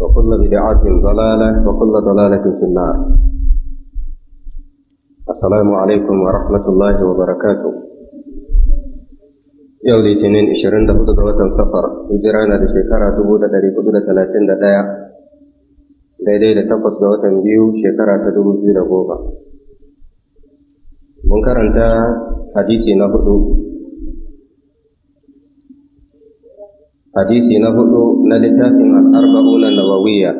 وكل بدعة ضلالة وكل ضلالة في النار السلام عليكم ورحمة الله وبركاته yau litinin 24 ga watan safar hijira na da shekara 1431 daidai da takwas ga watan biyu shekara ta goma. mun karanta hadisi na hudu hadisi na hudu na littafin al'arba'una nawawiya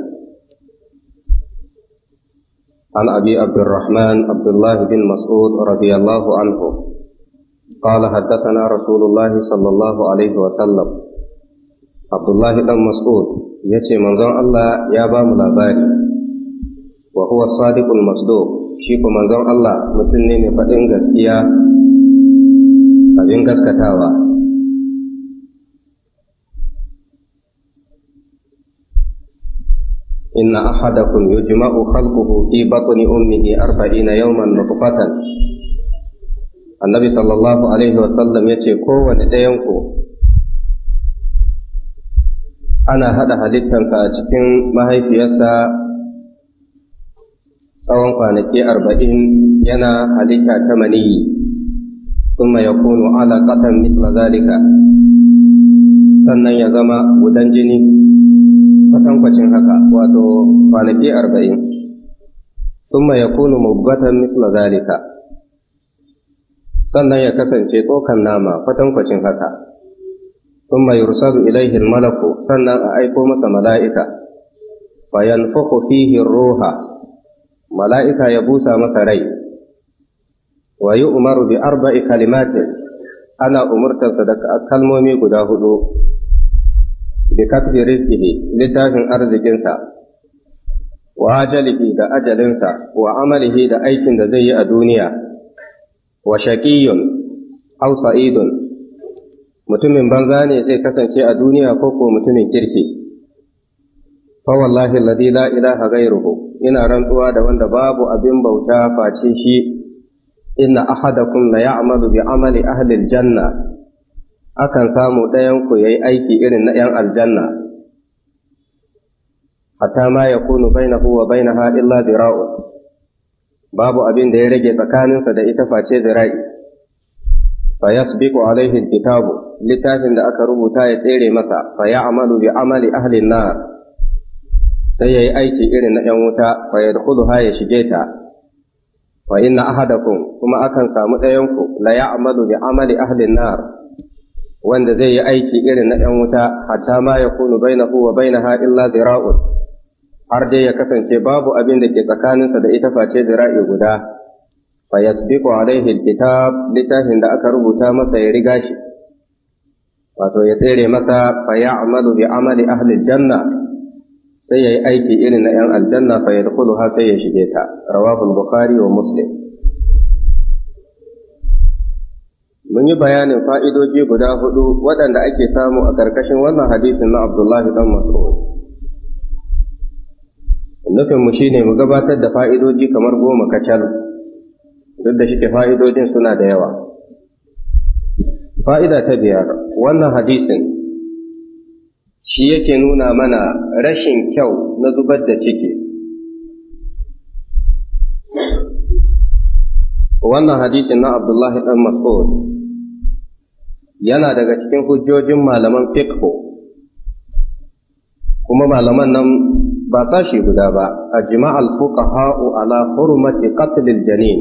عن أبي عبد الرحمن عبد الله بن مسعود رضي الله عنه قال حدثنا رسول الله صلى الله عليه وسلم عبد الله بن مسعود يتي منظر الله يا بام لاباري وهو الصادق المصدوق شيك منظر الله متنين فإن قسكيا abin gaskatawa إن أحدكم يجمع خلقه في بطن أمه أربعين يوما نطفة النبي صلى الله عليه وسلم يأتي قوة لديكم ana haɗa halittansa a cikin mahaifiyarsa tsawon kwanaki arba'in yana halitta ta suma ya kunu ala ƙatan misla zalika sannan ya zama gudan jini kwanaki arba'in thumma yakunu mubghatan misla zalika sannan ya kasance tsokan nama kwatankwacin haka thumma yursalu ilaihi malaku sannan a aiko masa mala'ika fa yanfukhu fihi ruha mala'ika ya busa masa rai wa yu'maru bi arba'i kalimatin ana umurtansa da kalmomi guda hudu bi katbi rizqihi littafin arzikinsa wa ajalihi da ajalinsa wa amalihi da aikin da zai yi a duniya wa shaqiyun aw sa'idun mutumin banza ne zai kasance a duniya ko ko mutumin kirki fa wallahi alladhi la ilaha ghayruhu ina rantsuwa da wanda babu abin bauta face shi inna ahadakum la ya'malu bi amali ahli janna. akan samu ɗayan ku yayi aiki irin na 'yan aljanna hatta ma yakunu bainahu wa bainaha illa zira'un babu abin da ya rage tsakaninsa da ita face zira'i fa yasbiqu alaihi kitabu littafin da aka rubuta ya tsere masa fa ya'malu bi amali ahli nar sai yayi aiki irin na yan wuta fa yadkhuluha ya shige ta wa inna ahadakum kuma akan samu ɗayanku la ya'malu bi amali ahli nar wanda zai yi aiki irin na ɗan wuta hatta ma yakunu bainahu wa bainaha illa zira'un har dai ya kasance babu abin da ke tsakaninsa da ita face zira'i guda fa yasbiqu alaihi alkitab littafin da aka rubuta masa ya riga shi wato ya tsere masa fa ya'malu bi amali ahli aljanna sai yayi aiki irin na yan aljanna fa yadkhuluha sai ya shige ta rawahu bukhari wa muslim mun yi bayanin fa'idoji guda hudu waɗanda ake samu a ƙarƙashin wannan hadisin na Abdullahi dan Mas'ud nufinmu shi ne mu gabatar da fa'idoji kamar goma kacal duk da shi ke fa'idojin suna da yawa fa'ida ta biyar wannan hadisin shi yake nuna mana rashin kyau na zubar da ciki wannan hadisin na abdullahi ɗan mas'ud yana daga cikin hujjojin malaman fiqh kuma malaman nan ba sashi guda ba a al fuqaha ala hurmati qatl janin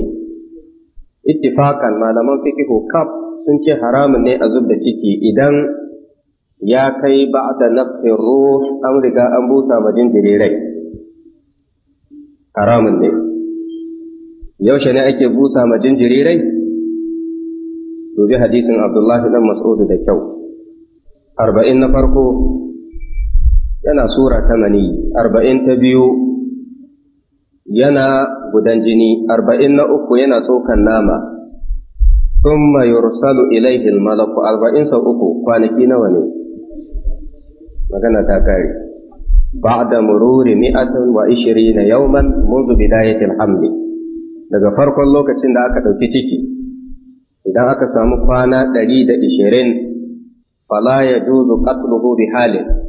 ittifakan malaman fiqhu kaf sun ce haramun ne a zubda ciki idan ya kai ba'da nafsi ruh an riga an busa ma jinjiri rai haramun ne yaushe ne ake busa ma jinjiri rai dubi hadisin abdullahi dan mas'ud da kyau arba'in na farko yana sura ta mani arba'in ta biyu yana gudan jini arba'in na uku yana tsokan nama thumma yursalu ilaihi malaku arba'in sau uku kwanaki nawa ne magana ta kare ba'da mururi mi'atun wa ishirina yawman منذ بداية hamli daga farkon lokacin da aka ɗauki ciki idan aka samu kwana ɗari da ishirin fala ya juzu qatluhu bi halin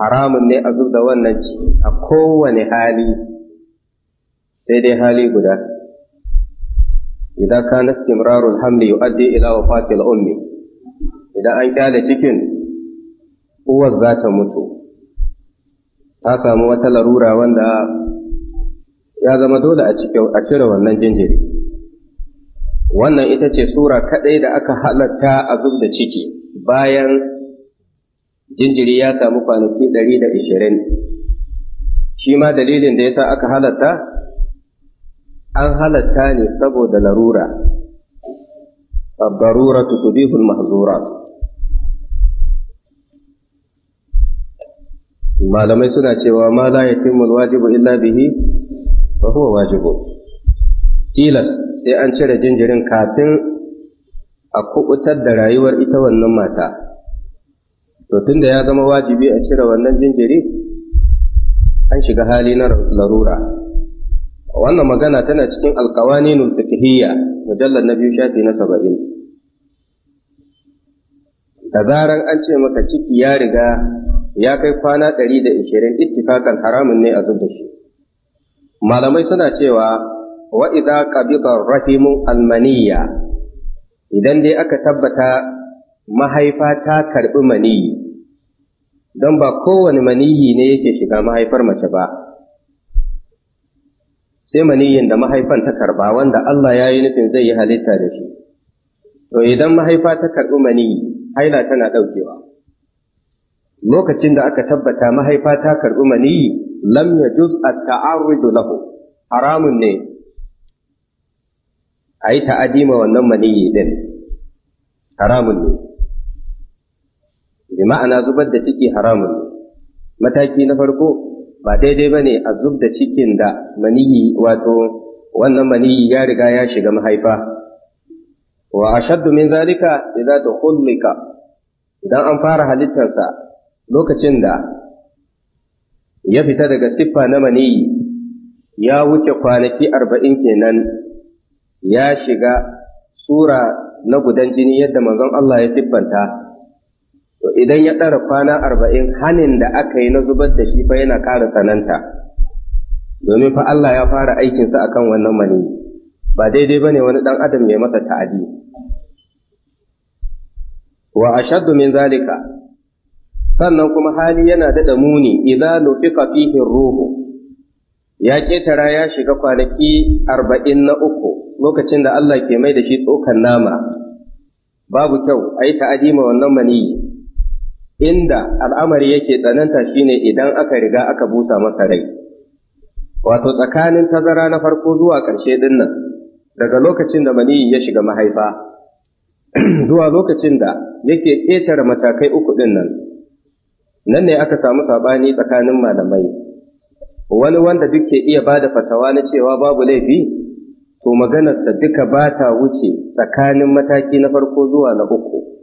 haramun ne a zub da wannan ci a kowane hali sai dai hali guda idan ka kana istimrarul hamli yu'addi ila wafatil ummi idan an kyale cikin uwar za ta mutu ta samu wata larura wanda ya zama dole a cire wannan jinjiri wannan ita ce sura kaɗai da aka halatta a zub da ciki bayan jinjiri ya samu kwanaki ɗari da ishirin shi ma dalilin da ya sa aka halatta an halatta ne saboda larura الضرورة تبيح mahazura. malamai suna cewa ma la yatimul wajibu illa bihi fa kuma wajibu tilas sai an cire jinjirin kafin a kubutar da rayuwar ita wannan mata to tunda ya zama wajibi a cire wannan jinjiri an shiga hali na larura wannan magana tana cikin alkawaninul fiqhiyya mujallar na biyu shafi na saba'in da zarar an ce maka ciki ya riga ya kai kwana ɗari da ishirin ittifakan haramun ne a zub da shi malamai suna cewa wa idza qabida rahimun almaniya idan dai aka tabbata mahaifa ta karɓi maniyi don ba kowane maniyi ne yake shiga mahaifar mace ba sai maniyin da mahaifan ta karɓa wanda Allah ya yi nufin zai yi halitta da shi to idan mahaifa ta karɓi maniyi haila tana ɗaukewa lokacin da aka tabbata mahaifa ta karɓi maniyi lam yajuz at-ta'arrudu lahu haramun ne a yi adima wannan maniyi din haramun ne bi ma'ana zubar da ciki haramun ne mataki na farko ba daidai ba ne a zub da cikin da maniyi wato wannan maniyi ya riga ya shiga mahaifa wa ashaddu min zalika idza tukhallika idan an fara halittarsa lokacin da ya fita daga siffa na maniyi ya wuce kwanaki arba'in kenan ya shiga sura na gudan jini yadda manzon Allah ya siffanta to idan ya ɗara kwana arba'in hanin da aka yi na zubar da shi fa yana ƙara tsananta domin fa Allah ya fara aikinsa a kan wannan mani ba daidai ba ne wani ɗan adam ya masa ta'adi wa ashaddu min zalika sannan kuma hali yana daɗa muni idza nufiqa fihi ruhu ya ƙetara ya shiga kwanaki arba'in na uku lokacin da Allah ke mai da shi tsokan nama babu kyau a yi ta'adi ma wannan maniyi inda al'amari yake tsananta shine idan aka riga aka busa masa rai wato tsakanin tazara na farko zuwa ƙarshe din nan daga lokacin da maniyi ya shiga mahaifa zuwa lokacin da yake ƙetare matakai uku din nan nan ne aka samu saɓani tsakanin malamai wani wanda duk ke iya ba da fatawa na cewa babu laifi to maganarsa duka ba ta wuce tsakanin mataki na farko zuwa na uku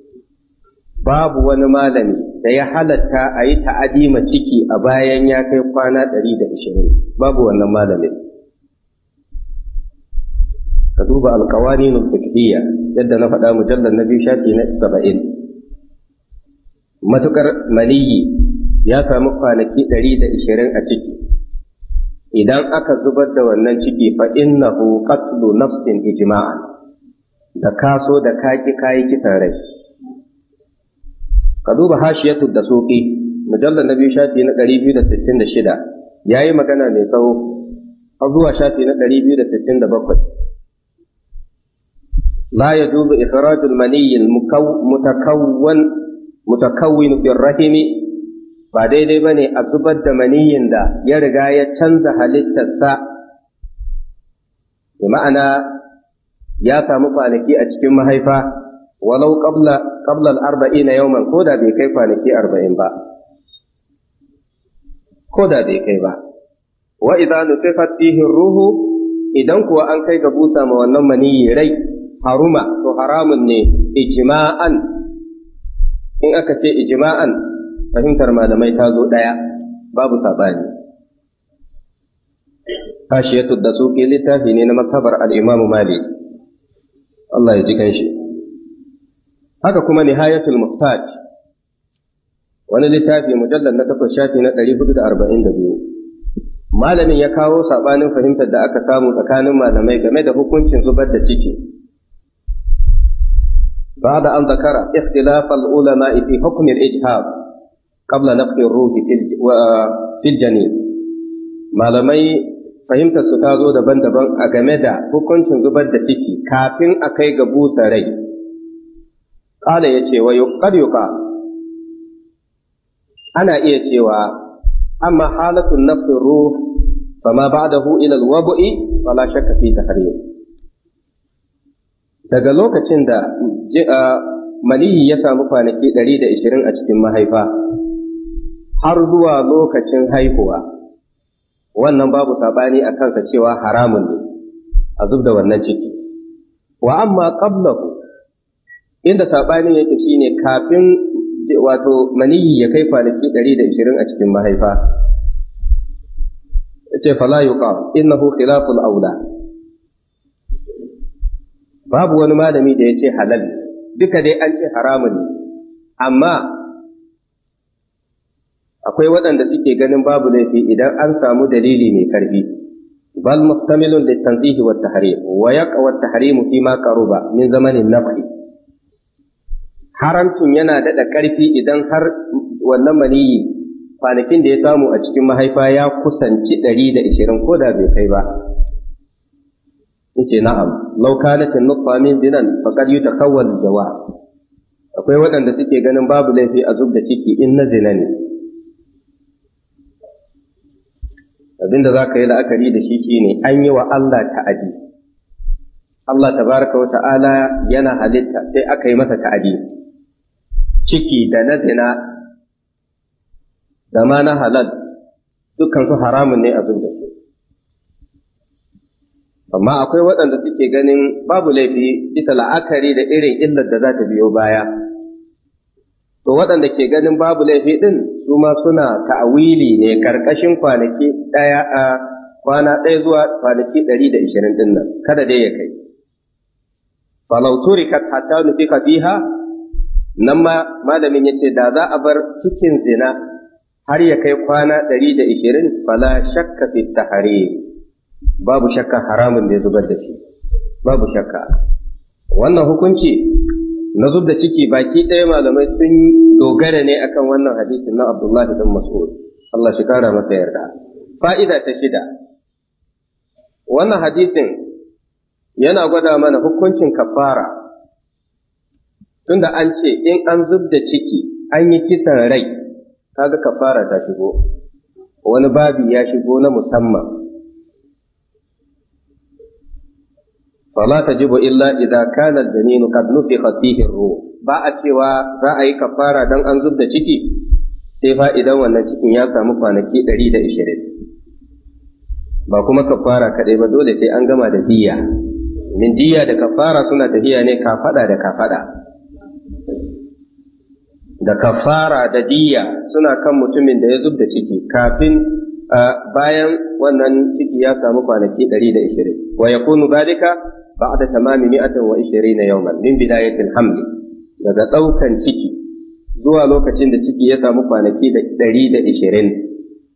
babu wani malami da ya halatta a yi ta'adima ciki a bayan ya kai kwana ɗari da ashirin babu wannan malamin ka duba alkawani fikiriya yadda na faɗa mujallar na biyu shafi na saba'in Matuƙar maniyi ya samu kwanaki ɗari da ashirin a ciki idan aka zubar da wannan ciki fa innahu qatlu nafsin ijma'an da kaso da kaki kayi kisan rai ka duba hashiyatu da Suki, mujallar na biyu shafi na ɗari biyu da sittin da shida ya yi magana mai tsawo har zuwa shafi na ɗari biyu da sittin da bakwai ya يجوز إخراج المني المتكون متكون في الرحم ba daidai ba ne a zubar da maniyin da ya riga ya canza halittarsa bi ma'ana ya samu kwanaki a cikin mahaifa walau qabla qabla al-arba'ina yawman ko da bai kai kwanaki 40 ba ko da bai kai ba wa idza nutifat fihi ruhu idan kuwa an kai ga busa ma wannan mani rai haruma to haramun ne ijma'an in aka ce ijma'an fahimtar malamai ta zo daya babu sabani hashiyatu da suki littafi ne na mazhabar al-imamu malik Allah ya ji kanshi haka kuma nihayatul muhtaj wani littafi mujallar na takwas shafi na ɗari hudu da arba'in da biyu malamin ya kawo saɓanin fahimtar da aka samu tsakanin malamai game da hukuncin zubar da ciki بعد أن ذكر اختلاف العلماء في حكم الإجهاض قبل نفخ الروح في الجنين malamai fahimtar su ta zo daban-daban a game da hukuncin zubar da ciki kafin a kai ga busa rai Kala ya ce wa yuqad ana iya cewa amma halatun nafsin ruh bada ba'dahu ila al ba la shakka fi tahrim daga lokacin da maniyi ya samu kwanaki da 120 a cikin mahaifa har zuwa lokacin haihuwa wannan babu sabani a kansa cewa haramun ne a zub da wannan ciki wa amma qablahu inda sabanin yake ne kafin wato maniyi ya kai kwanaki ishirin a cikin mahaifa Ce fala yuqam innahu khilaful aula babu wani malami da ya ce halal duka dai an ce haramun amma akwai waɗanda suke ganin babu laifi idan an samu dalili mai karfi bal mustamilun litanzihi wat tahrim wa yaqa wat tahrim fi ma qaruba min zamanin naf'i haramcin yana daɗa ƙarfi idan har wannan maniyi kwanakin da ya samu a cikin mahaifa ya kusanci ɗari da ishirin ko da bai kai ba yace na'am law kanat an-nutfa min dinan faqad yutakawwal al jawa. akwai waɗanda suke ganin babu laifi a zub da ciki in na zina ne abinda za ka yi la'akari da shi shine an yi wa Allah ta'adi Allah tabaraka wa ta'ala yana halitta sai aka yi masa ta'adi ciki da na zina da ma na halal dukansu haramun ne abin da su amma akwai waɗanda suke ganin babu laifi bisa la'akari da irin illar da za ta biyo baya to waɗanda ke ganin babu laifi ɗin su ma suna ta'awili ne ƙarƙashin kwanaki ɗaya a kwana ɗaya zuwa kwanaki ɗari da ishirin ɗin nan kada dai ya kai falau turikat hatta nufi fiha nan ma malamin yace da za a bar cikin zina har ya kai kwana ɗari da ishirin fala shakka fi tahari babu shakka haramun da ya zubar da shi babu shakka wannan hukunci na zub da ciki baki ɗaya malamai sun dogara ne akan wannan hadisin na Abdullahi bin Mas'ud Allah shi kara masa yarda fa'ida ta shida wannan hadisin yana gwada mana hukuncin kafara tunda an ce in an zub da ciki an yi kisan rai kaga kafara ta shigo wani babi ya shigo na musamman ta tajibu illa idza kana al-janin qad nufikha fihi ruh ba a cewa za a yi kafara dan an zub da ciki sai fa idan wannan cikin ya samu kwanaki 120 ba kuma kafara kadai ba dole sai an gama da diya min da kafara suna tafiya ne kafaɗa da kafaɗa. da kafara da diya suna kan mutumin da ya zub da ciki kafin bayan wannan ciki ya samu kwanaki 120 wa yakunu zalika ba'da tamami 120 yawman min bidayatil hamli daga daukan ciki zuwa lokacin da ciki ya samu kwanaki da ishirin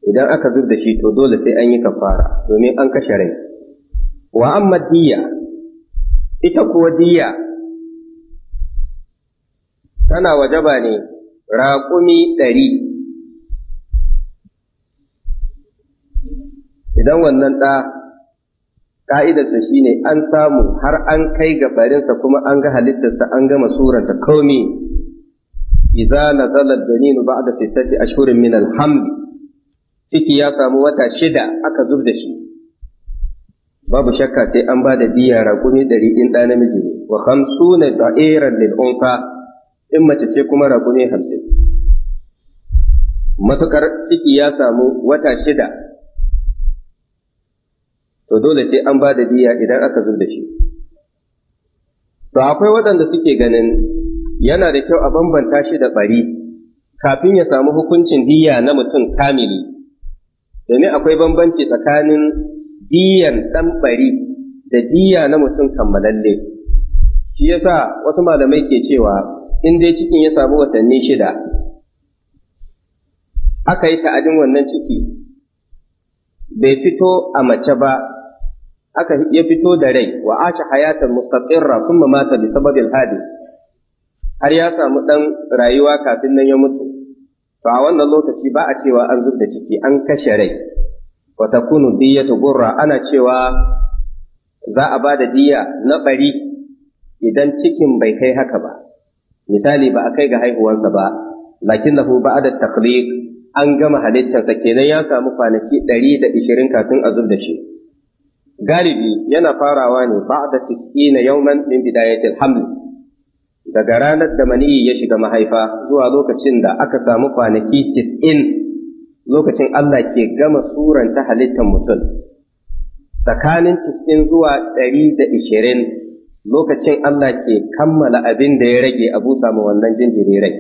idan aka zub da shi to dole sai an yi kafara domin an kashe rai wa amma diya ita kuwa diya tana wajaba ne raƙumi ɗari idan wannan ɗa ƙa'idarsa shi ne an samu har an kai ga farinsa kuma an ga halittarsa an gama suranta komi iza na zalar janinu ba da fitatti a shurin min alhamdi ciki ya samu wata shida aka zub da shi babu shakka sai an ba da biya raƙumi ɗari in ɗa namiji ne wa hamsu na da'irar lil'unfa in mace ce kuma ne hamsin matuƙar ciki ya samu wata shida to dole ce an ba da diya idan aka zo da shi to akwai waɗanda suke ganin yana da kyau a bambanta shi da ɓari kafin ya samu hukuncin diya na mutum kamili domin akwai bambanci tsakanin diyan ɗan ɓari da diya na mutum kammalalle shi yasa wasu malamai ke cewa in dai cikin ya samu watanni shida aka yi ta'adin wannan ciki bai fito a mace ba aka ya fito da rai wa asha hayatar mustaqirra kuma mata bi sababin hadi har ya samu ɗan rayuwa kafin nan ya mutu to a wannan lokaci ba a cewa an zub da ciki an kashe rai wa takunu diyatu gurra ana cewa za a ba da diya na bari idan cikin bai kai haka ba misali ba a kai ga haihuwarsa ba lakinnahu ba'da takhliq an gama halittarsa kenan ya samu kwanaki ishirin kafin a zub da shi galibi yana farawa ne ba'da na yawman min bidayatil haml daga ranar da maniyi ya shiga mahaifa zuwa lokacin da aka samu kwanaki 90 lokacin Allah ke gama suranta halittar mutum tsakanin 90 zuwa ɗari da ishirin. lokacin Allah ke kammala abin da ya rage a busa ma wannan jinjiri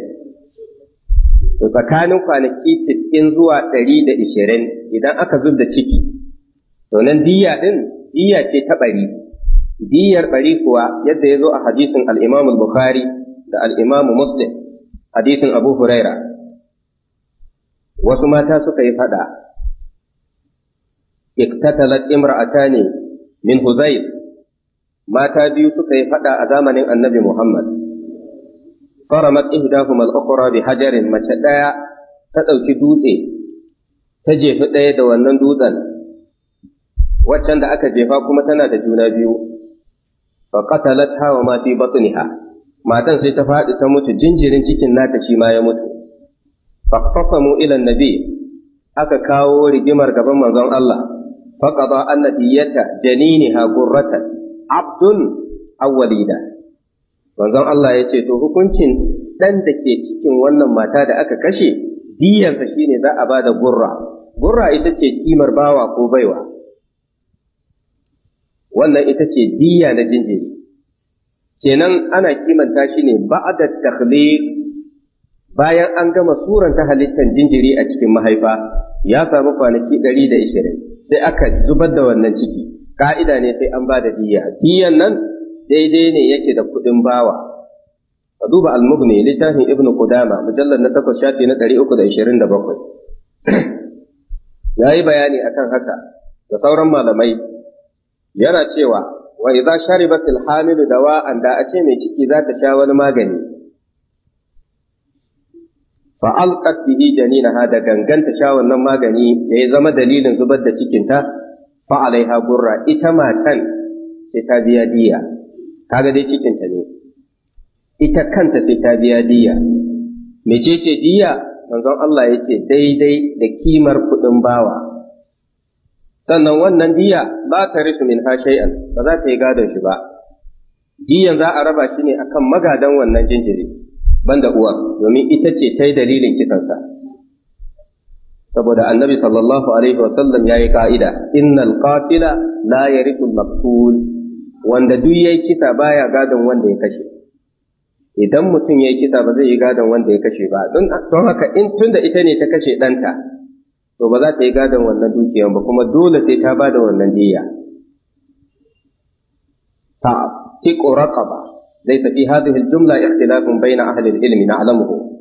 to tsakanin kwanaki cikin zuwa ishirin idan aka zub da ciki to nan diya din diya ce ta ɓari. diyar bari kuwa yadda ya zo a hadisin al bukhari da al Muslim hadisin Abu Huraira wasu mata suka yi faɗa iktatalat imra'atani min Huzayl mata biyu suka yi faɗa a zamanin annabi Muhammad. Faramat ihdahum al-ukhra bi hajarin mace ɗaya ta ɗauki dutse ta jefi ɗaya da wannan dutsen waccan da aka jefa kuma tana da juna biyu fa qatalatha hawa ma fi batniha matan sai ta faɗi ta mutu jinjirin cikin nata shi ma ya mutu fa qasamu ila nabi aka kawo rigimar gaban manzon Allah fa qada annabiyata janiniha qurratan abdun awwalida manzon Allah ya ce to hukuncin ɗan da ke cikin wannan mata da aka kashe diyarsa shine za a ba da gurra gurra ita ce kimar bawa ko baiwa wannan ita ce diya na jinjiri kenan ana kimanta shi ne ba'da takhliq bayan an gama suranta halittar jinjiri a cikin mahaifa ya samu kwanaki ɗari da ishirin sai aka zubar da wannan ciki ka'ida ne sai an ba da diya diyan nan daidai ne yake da kuɗin bawa ka duba almugni littafin ibnu kudama mujallar na takwas shafi na Ya yayi bayani akan haka da sauran malamai yana cewa wa idza sharibat al-hamil dawa'an da ace mai ciki za ta sha wani magani fa alqat bihi janinaha da ganganta sha wannan magani ya zama dalilin zubar da cikinta fa alaiha gurra ita matan sai ta biya diya kaga dai cikinta ne ita kanta sai ta biya diya mecece diya manzon Allah ya daidai da kimar kuɗin bawa sannan wannan diya ba ta rishu min shay'an ba za ta yi gadon shi ba diyan za a raba shi ne akan magadan wannan jinjiri banda uwa domin ita ce ta yi dalilin kisansa saboda annabi sallallahu alaihi wa sallam ya yi ka'ida innal qatila la yarithu maqtul wanda duk yayi kisa baya gadon wanda ya kashe idan mutum yayi kisa ba zai yi gadon wanda ya kashe ba don haka in tunda ita ne ta kashe ɗanta to ba za ta yi gadon wannan dukiyan ba kuma dole sai ta ba da wannan diya ta tiqu raqaba laysa fi hadhihi al-jumla ikhtilafun bayna ahli al-ilmi na'lamuhu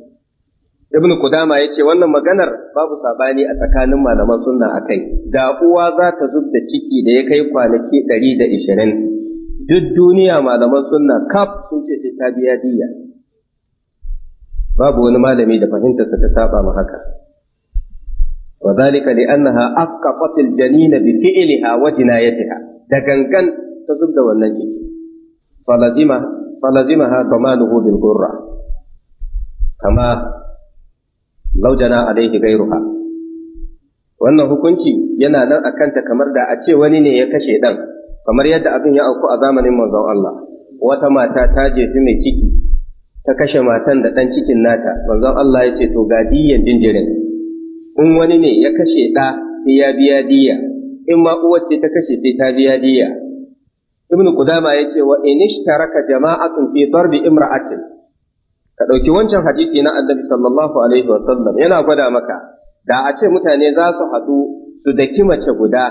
ibn Qudama yace wannan maganar babu sabani a tsakanin malaman sunna akai da uwa za ta zubda ciki da ya kai kwanaki 120 duk duniya malaman sunna kaf sun ce sai ta biya diya babu wani malami da fahimtarsa ta saba ma haka wa zalika li annaha asqafat al janina bi fi'liha wa jinayatiha da gangan ta zub da wannan ciki falazima falazimaha tamanuhu bil qurra kama laujana alaihi gairuha wannan hukunci yana nan a kanta kamar da a ce wani ne ya kashe ɗan kamar yadda abin ya auku a zamanin manzon Allah wata mata ta jefi mai ciki ta kashe matan da ɗan cikin nata manzon Allah ya ce to ga diyan jinjirin in wani ne ya kashe ɗa sai ya biya diya in ma uwace ta kashe sai ta biya diya ibnu qudama yake wa in ishtaraka jama'atun fi darbi imra'atin ka ɗauki wancan hadisi na annabi sallallahu alaihi wa sallam yana gwada maka da a ce mutane za su haɗu su daki mace guda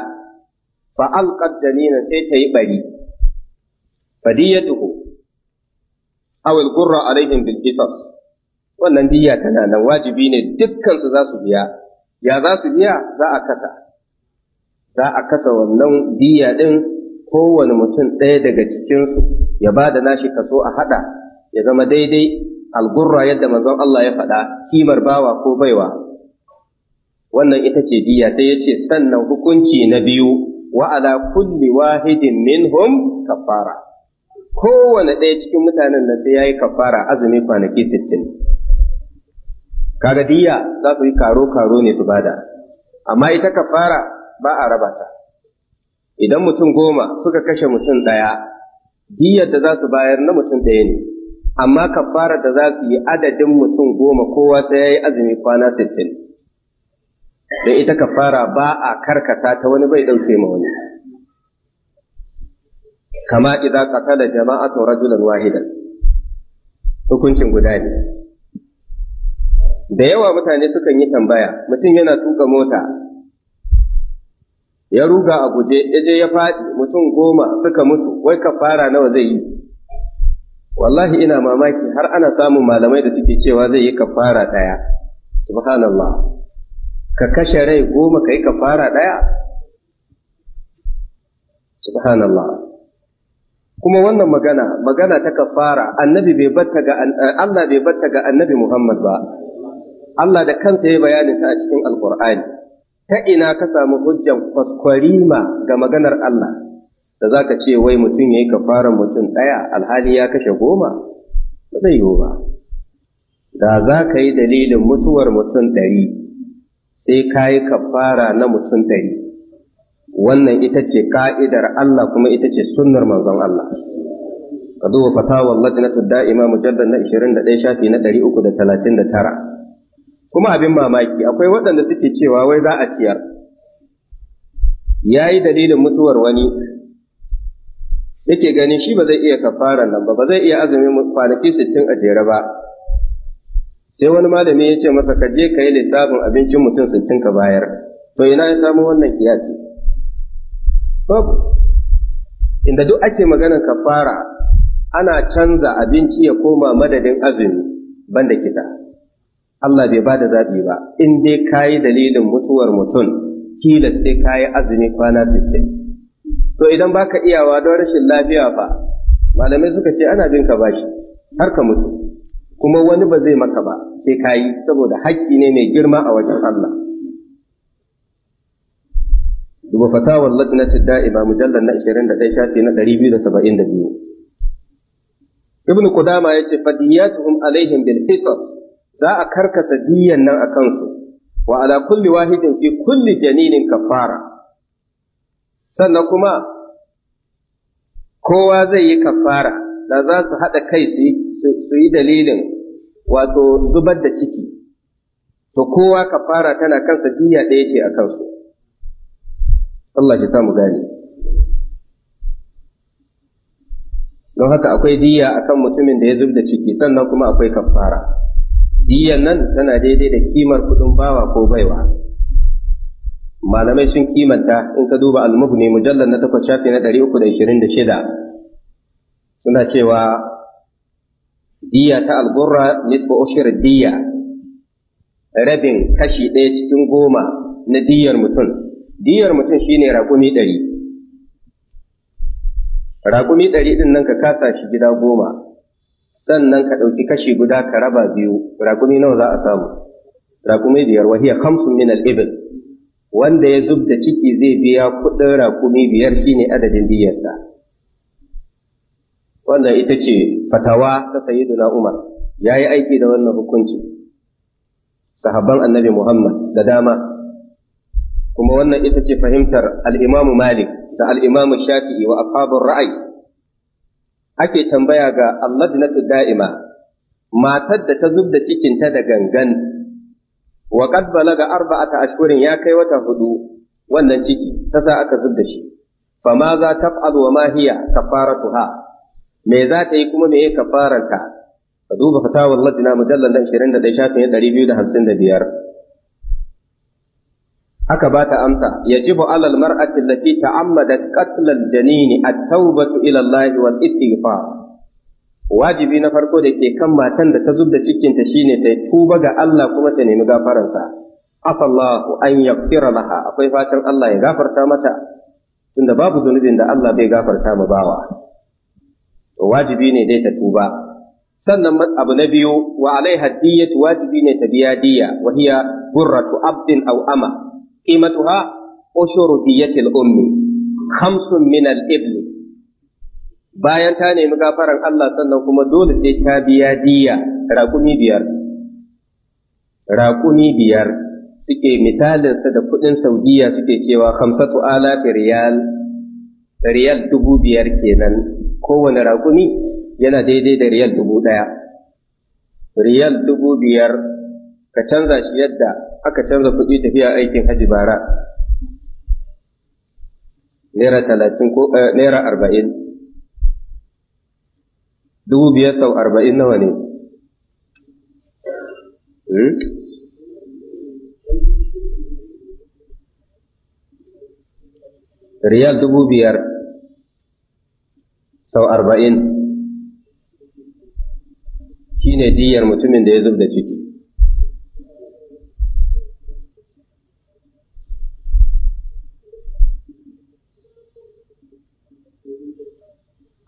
fa alqad janina sai ta yi bari fadiyatuhu aw alqurra alaihim bil qisas wannan diya tana nan wajibi ne dukkan su za su biya ya za su biya za a kasa za a kasa wannan diya din kowane mutum ɗaya daga cikinsu ya ba da nashi kaso a haɗa ya zama daidai algurra yadda mazan Allah ya faɗa kimar bawa ko baiwa wannan ita ce diya sai yace sannan hukunci na biyu wa ala kulli wahidin minhum kafara kowane ɗaya cikin mutanen nan sai ya yi kafara azumi kwanaki sittin kaga diya za su yi karo karo ne su bada amma ita kafara ba a raba ta idan mutum goma suka kashe mutum ɗaya diyar da za su bayar na mutum ɗaya ne amma kafara da za su yi adadin mutum goma kowa sai ya yi azumi kwana sittin Da ita kafara ba a karkata ta wani bai ɗauke ma wani kama idan jama'a jama'atu rajulan wahidan hukuncin guda ne da yawa mutane sukan yi tambaya mutum yana tuka mota ya ruga a guje ya je ya faɗi mutum goma suka mutu wai kafara nawa zai yi wallahi ina mamaki har ana samun malamai da suke cewa zai yi kafara ɗaya subhanallah ka kashe rai goma ka yi kafara ɗaya subhanallah kuma wannan magana magana ta kafara annabi bai batta ga eh, Allah bai batta ga annabi Muhammad ba Allah da kansa ya bayani ta a cikin alqur'ani ta ina ka samu hujjan kwaskwarima ga maganar Allah da za ka ce wai mutum ya yi kafaran mutum ɗaya alhali ya kashe goma ba zai yiwu ba da za ka yi dalilin mutuwar mutum ɗari sai ka yi kafara na mutum ɗari wannan ita ce ka'idar Allah kuma ita ce sunnar manzon Allah ka duba na lajnatu da'ima mujallar na 21 shafi na 339 kuma abin mamaki akwai waɗanda suke cewa wai za a ciyar ya yi dalilin mutuwar wani yake gani shi ba zai iya kafara nan ba ba zai iya azumi kwanaki sittin a jere ba sai wani malami ya ce masa ka je ka yi lissafin abincin mutum sittin ka bayar to ina ya samu wannan kiyasi babu inda duk ake maganar kafara ana canza abinci ya koma madadin azumi banda kita Allah bai bada zaɓi ba in dai kayi dalilin mutuwar mutum kila sai kayi azumi kwana sittin to idan baka iyawa don rashin lafiya fa malamai suka ce ana bin ka bashi har ka mutu kuma wani ba zai maka ba sai ka yi saboda haƙƙi ne mai girma a wajen Allah duba fatawar lajnati da'iba mujallar na 21 shafi na 272 ibnu qudama yace fadiyatuhum alaihim bil qisas za a karkasa diyan nan akan su wa ala kulli wahidin fi kulli janinin kafara sannan kuma kowa zai yi kafara da za su haɗa kai su yi dalilin wato zubar da ciki to kowa kafara tana kansa diya ɗaya ce a kansu Allah ya samu gani don haka akwai diya kan mutumin da ya zub da ciki sannan kuma akwai kafara diyan nan tana daidai da kimar kuɗin bawa ko baiwa malamai sun kimanta in ka duba al-mughni mujallal na takwas shafi na 326 suna cewa diya ta al-burra nisbu ushir diya rabin kashi ɗaya cikin goma na diyar mutum diyar mutum shine raƙumi ɗari raƙumi ɗari ɗin nan ka kasa shi gida goma sannan ka ɗauki kashi guda ka raba biyu raƙumi nawa za a samu raƙumi biyar wahiya hamsin min al-ibil wanda ya zub da ciki zai biya kuɗin rakumi biyar shine adadin diyarsa wannan ita ce fatawa ta sayyiduna umar ya yi aiki da wannan hukunci sahabban annabi muhammad da dama kuma wannan ita ce fahimtar al'imamu malik da al'imamu shafi'i wa ashabun ra'ayi ake tambaya ga allajnatu da'ima matar da ta zub da cikinta da gangan wa qad balaga ta ashhurin ya kai wata hudu wannan ciki ta sa aka zub da shi fa ma za taf'al wa ma hiya kafaratuha me za ta yi kuma me ya kafaranta ka duba fatawar lajina mujallal 21 shafin 255 aka ba ta amsa yajibu alal mar'ati allati ta'ammadat qatl al-janin at-taubatu ila Allah wal istighfar wajibi na farko da ke kan matan da ta zubda cikinta shine ta tuba ga Allah kuma ta nemi gafaransa afallahu an yaghfira laha akwai fatan Allah ya gafarta mata tunda babu zunubin da Allah bai gafarta mu bawa to wajibi ne dai ta tuba sannan abu na biyu wa alaiha Hadiyatu wajibi ne ta biya diyya wa hiya burratu abdin aw ama qimatuha ushuru diyyati ummi khamsun min al-ibli bayan ta nemi gafaran Allah sannan kuma dole sai ta biya diya raƙumi biyar raƙumi biyar suke misalinsa da kuɗin saudiya suke cewa hamsatu ala riyal riyal dubu biyar kenan kowane raƙumi yana daidai da riyal dubu ɗaya riyal dubu biyar ka canza shi yadda aka canza kuɗi tafiya aikin haji bara naira talatin ko eh, naira arba'in dubu biyar sau arba'in nawa ne hmm? riyal dubu biyar sau arba'in shi ne diyar mutumin da ya zub da ciki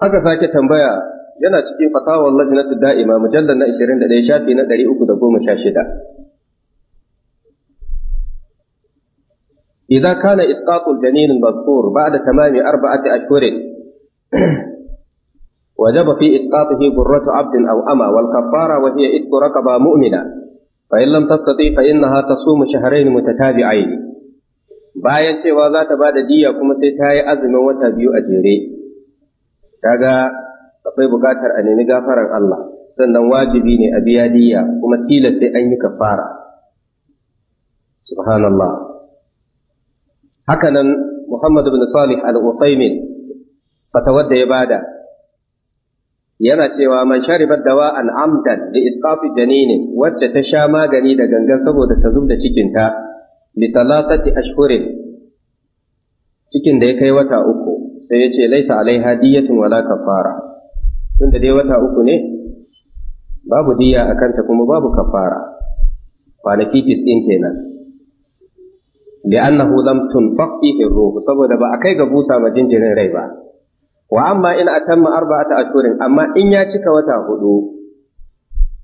aka sake tambaya yana cikin fatawar lajinatu da'ima mujallar na 21 shafi na 316 idza kana isqatu al-janin al-mazkur ba'da tamami arba'ati ashhur wajaba fi isqatihi qurratu 'abdin aw ama wal kafara wa hiya itqu raqaba mu'mina fa in lam tastati mu innaha tasumu shahrayn mutatabi'ayn bayan cewa za ta ba da kuma sai ta yi azumin wata biyu a jere kaga akwai buƙatar a nemi gafaran Allah sannan wajibi ne a biya diyya kuma tilas sai an yi kafara subhanallah nan, Muhammad ibn Salih al-Utsaimin fatawar wadda ya bada yana cewa man sharibar dawa an amdan da isqafi janinin wacce ta sha magani da gangan saboda ta zubda cikinta bi talatati ashhurin cikin da ya kai wata uku sai ya ce laisa alaiha diyatun wala kafara tunda dai wata uku ne babu diya a kanta kuma babu kafara kwanaki tis'in kenan annahu lam tunfaq fihi ruh saboda ba a kai ga busa ma jinjirin rai ba wa amma in atamma arba'ata ashhurin amma in ya cika wata hudu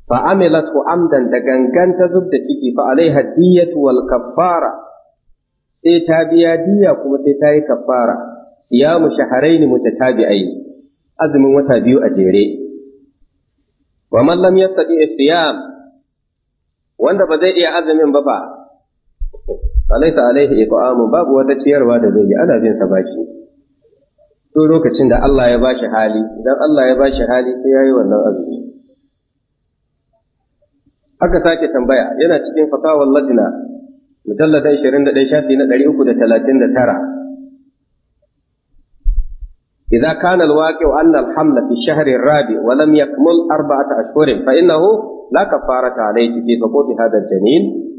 fa amilat amdan da gangan ta zubda ciki fa alaiha diyatu wal kaffara sai ta biya diya kuma sai ta yi kaffara mu shaharaini mutatabi'ai azumin wata biyu a jere wa man lam yastati siyam wanda ba zai iya azumin ba ba, alaita alaihi iqamu babu wata ciyarwa da zai yi ana bin sa bashi to lokacin da Allah ya bashi hali idan Allah ya bashi hali sai yayi wannan azumi aka sake tambaya yana cikin fatawar lajna mujalladai 21 shafi na 339 إذا كان الواقع أن الحمل في الشهر الرابع ولم يكمل أربعة أشهر فإنه لا كفارة عليه في سقوط هذا الجنين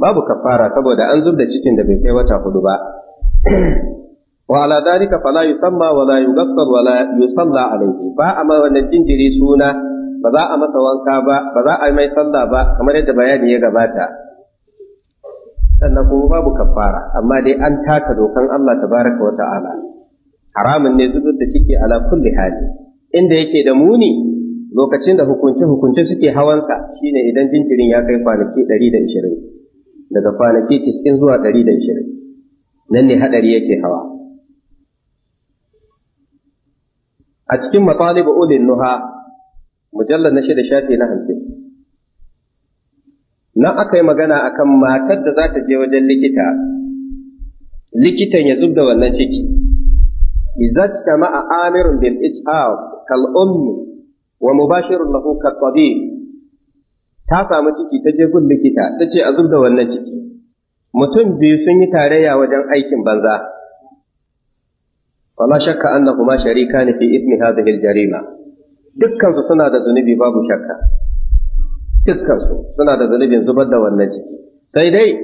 babu kafara saboda an zubda cikin da bai kai wata hudu ba wa ala dalika fala yusamma wa la yughassal wa la yusalla alayhi ba amma wannan jinjiri suna ba za a masa wanka ba ba za a yi mai sallah ba kamar yadda bayani ya gabata sannan kuma babu kafara amma dai an taka dokan Allah tabaraka wa ta'ala haramun ne zubar da ciki ala kulli hali inda yake da muni lokacin da hukunce hukunce suke hawansa shine idan jinjirin ya kai kwanaki 120 daga kwanaki cikin zuwa 120 nan ne hadari yake hawa a cikin matsalib ulin nuha mujallar na shida shafi na hamsin nan aka yi magana akan matar da za ta je wajen likita likitan ya zubda wannan ciki إذا اجتمع آمر بالإجهاض كالأم ومباشر له كالطبيب ta samu ciki ta je gun likita ta ce a zubda wannan ciki mutum biyu sun yi tarayya wajen aikin banza wala shakka annahuma sharika ne fi ismi hadhihi al-jarima dukkan suna da zunubi babu shakka suna da zubar da wannan ciki sai dai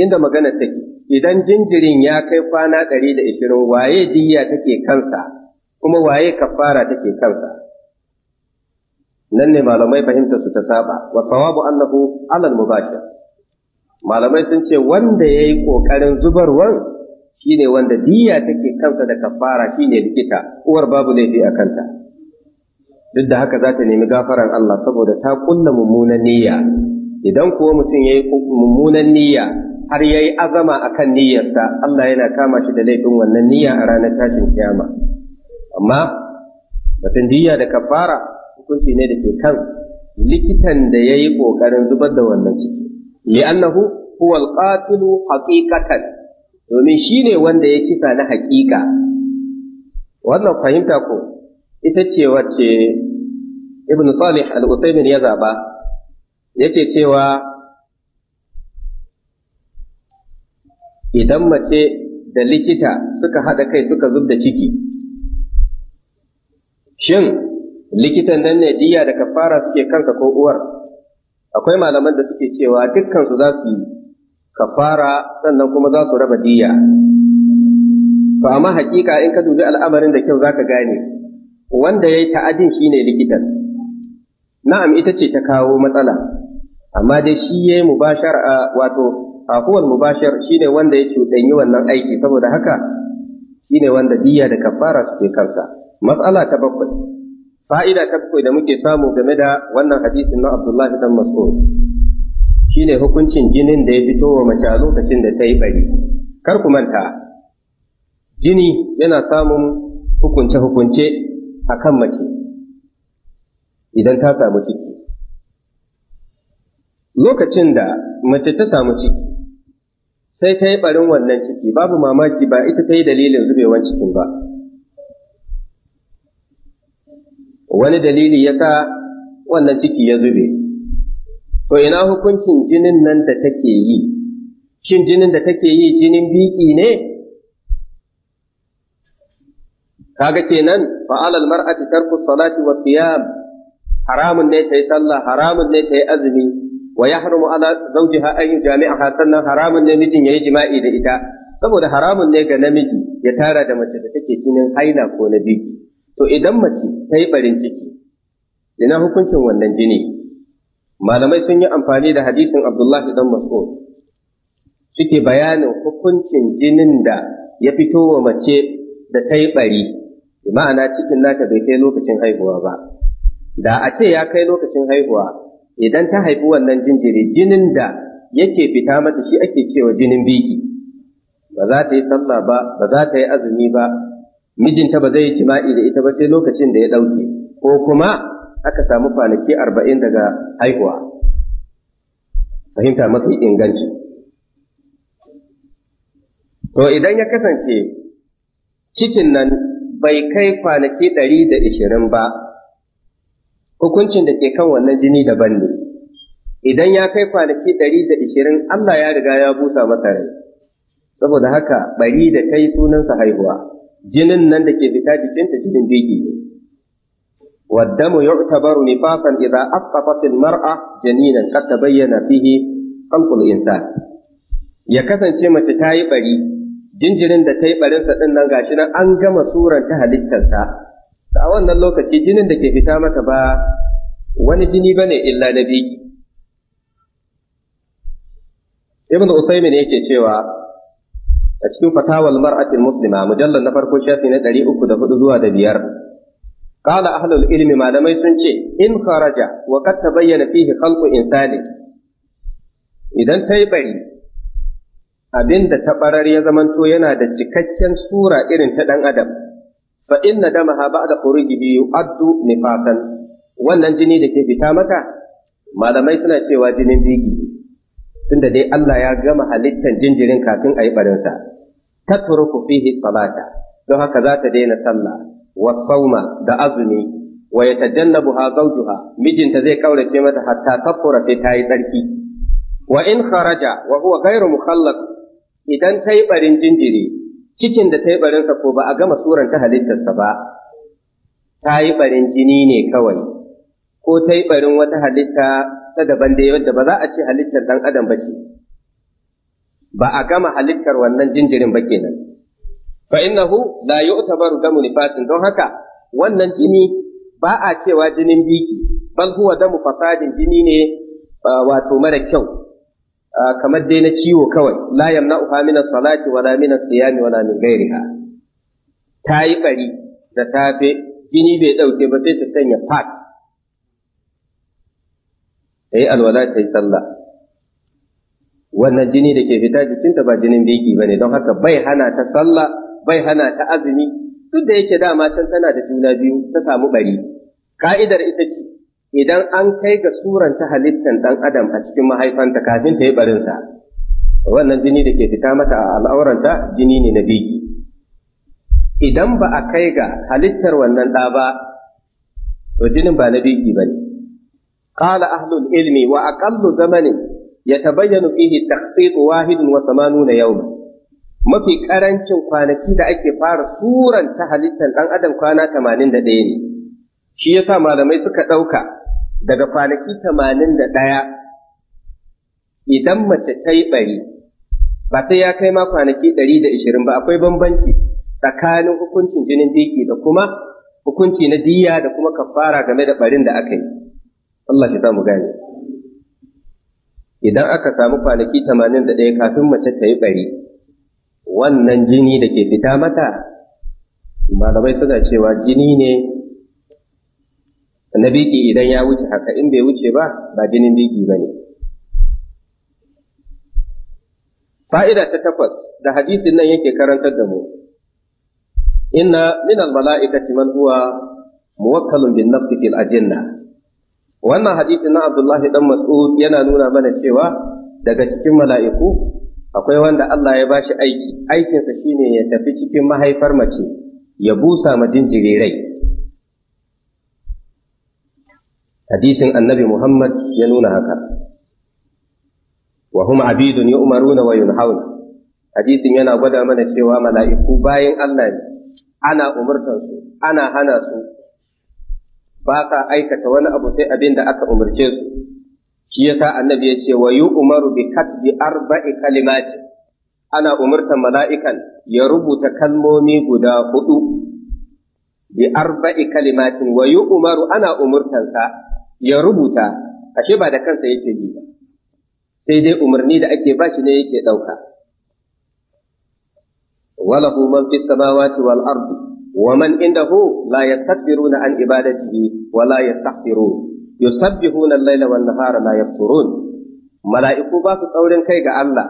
inda magana take idan jinjirin ya kai kwana ɗari da ishirin waye diyya take kansa kuma waye kafara take kansa nan ne malamai fahimta su ta saba wa sawabu annahu alal mubashir malamai sun ce wanda ya yi ƙoƙarin zubarwan shine wanda diyya take kansa da kafara shine likita uwar babu laifi a kanta duk da haka za ta nemi gafaran Allah saboda ta kulla mummunan niyya idan kuwa mutum ya yi mummunan niyya har yayi azama a kan niyyarsa Allah yana kama shi da laifin wannan niyya a ranar tashin kiyama amma batun diyya da kafara hukunci ne da ke kan likitan da yayi ƙoƙarin zubar da wannan ciki li'annahu huwa al-qatilu haqiqatan domin shine wanda ya kisa na haƙiƙa wannan fahimta ko ita ce wacce ibn salih al-usaymin ya zaba yake cewa idan mace da likita suka haɗa kai suka zub da ciki shin likitan nan ne diya da kafara suke kanka ko uwar akwai malaman da suke cewa dukkansu su za su yi kafara sannan kuma za su raba diya to amma hakika in ka dubi al'amarin da kyau zaka gane wanda yayi ta'adin shine likitan na'am ita ce ta kawo matsala amma dai shi yayi mubashara wato a huwal mubashir shine wanda ya cuɗanyi wannan aiki saboda haka shine wanda diya da kafara suke kansa matsala ta bakwai fa'ida ta bakwai da muke samu game da wannan hadisin na Abdullahi dan Mas'ud shine hukuncin jinin da ya fito wa mace a lokacin da ta yi bari kar ku manta jini yana samun hukunce-hukunce akan mace idan ta samu ciki lokacin da mace ta samu ciki sai ta yi ɓarin wannan ciki babu mamaki ba ita ta yi dalilin zubewan cikin ba wani dalili ya sa wannan ciki ya zube to ina hukuncin jinin nan da take yi shin jinin da take yi jinin biki ne kaga kenan fa alal mar'ati tarku salati wa siyam haramun ne ta yi sallah haramun ne ta yi azumi wa yahrumu ala zawjiha jami'a yujami'aha sannan haramun ne mijin yayi jima'i da ita saboda haramun ne ga namiji ya tara da mace da take cinin haila ko na biki to idan mace ta yi barin ciki ina hukuncin wannan jini malamai sun yi amfani da hadisin Abdullahi dan Mas'ud suke bayanin hukuncin jinin da ya fito wa mace da ta yi ɓari, ma'ana cikin nata bai kai lokacin haihuwa ba. Da a ce ya kai lokacin haihuwa, idan ta haifi wannan jinjiri jinin da yake fita mata shi ake cewa jinin biki ba za ta yi sallah ba ba za ta yi azumi ba mijinta ba zai yi jima'i da ita ba sai lokacin da ya ɗauke ko kuma aka samu kwanaki arba'in daga haihuwa fahimta mafi inganci to idan ya kasance cikin nan bai kai kwanaki ɗari da ishirin ba hukuncin da ke kan wannan jini daban ne idan ya kai kwanaki ɗari da ishirin Allah ya riga ya busa masa rai saboda haka bari da ta yi sunansa haihuwa jinin nan da ke fita jikinta jinin biki ne والدم يعتبر mar'a, إذا أسقطت المرأة جنينا قد تبين فيه خلق الإنسان ya kasance mace ta yi bari jinjirin da ta yi barinsa ɗin nan gashi nan an gama suran ta halittarsa da a wannan lokaci jinin da ke fita mata ba wani jini ba ne illa na biki ibn usaimin yake cewa a cikin fatawal mar'atin muslima mujallar na farko shafi na ɗari uku da hudu zuwa da biyar qala ahlul ilimi malamai sun ce in kharaja wa kata bayyana fihi in insani idan ta yi bari abin da ta ɓarar ya zamanto yana da cikakken sura irin ta ɗan adam fa inna damaha ba'da khurujihi yu'addu nifasan wannan jini da ke fita mata malamai suna cewa jinin bigi tunda dai Allah ya gama halittar jinjirin kafin a yi barinsa tatruku fihi salata don haka za ta daina sallah wa sauma da azumi wa yatajannabuha zawjuha mijinta zai kaurace mata hatta tafura sai ta yi tsarki wa in kharaja wa huwa ghairu mukhallaq idan ta yi barin jinjiri cikin da ta yi barinsa ko ba a gama suran ta halittarsa ba ta yi barin jini ne kawai ko ta yi barin wata halitta ta daban da yadda ba za a ce halittar ɗan adam ba ce ba a gama halittar wannan jinjirin ba kenan fa yi la yu'tabaru damu nifasin don haka wannan jini ba a cewa jinin biki bal huwa damu fasadin jini ne uh, wato mara kyau Ah, kamar dai na ciwo kawai la yamna'uha min as-salati wala min siyami wala min ghairiha ta yi bari da safe jini bai dauke ba sai ta sanya fat ta alwala ta yi sallah wannan jini da ke fita jikinta ba jinin biki ba ne don haka bai hana ta sallah bai hana ta azumi duk da yake dama can tana da juna biyu ta samu bari ka'idar ita ce idan an kai ga suranta halittan ɗan adam a cikin mahaifanta kafin ta yi barinsa wannan jini da ke fita mata a al'auranta jini ne na biki idan ba a kai ga halittar wannan ɗa ba to jinin ba na biki ba ne قال ya العلم وأقل زمن يتبين فيه التخطيط واحد yau يوما mafi ƙarancin kwanaki da ake fara suranta halittar ɗan adam kwana tamanin da ɗaya ne shi yasa malamai suka ɗauka daga kwanaki tamanin da ɗaya idan mace ta yi ɓari ba sai ya kai ma kwanaki ɗari da ishirin ba akwai bambanci tsakanin hukuncin jinin diki da kuma hukunci na diya da kuma kafara game da ɓarin da aka yi Allah shi mu gane idan aka samu kwanaki tamanin da ɗaya kafin mace ta yi ɓari wannan jini da ke fita mata malamai suna cewa jini ne na biki idan ya wuce haka in bai wuce ba ba jinin biki ba ne fa'ida ta takwas da hadisin nan yake karantar da mu inna min al man huwa muwakkalun bin nafsi fil ajinna wannan hadisin na Abdullahi dan Mas'ud yana nuna mana cewa daga cikin mala'iku akwai wanda Allah ya bashi aiki aikinsa shine ya tafi cikin mahaifar mace ya busa ma rai. hadisin annabi Muhammad ya nuna haka wa hum abidun yu'maruna wa yunhauna hadisin yana gwada mana cewa mala'iku bayan Allah ne ana umurtan su ana hana su ba ka aikata wani abu sai abin da aka umarce su shi yasa annabi ya ce wa yu'maru bi katbi arba'i ana umurtan mala'ikan ya rubuta kalmomi guda hudu bi arba'i kalimatin wa yu'maru ana umurtansa ya rubuta ashe ba da kansa yake yi ba sai dai umarni da ake shi ne yake ɗauka walahu man fi samawati wal ardi wa man indahu la yastakbiruna an ibadatihi wa la yastaghfirun yusabbihuna al-laila wan nahara la yafturun mala'iku ba su tsaurin kai ga Allah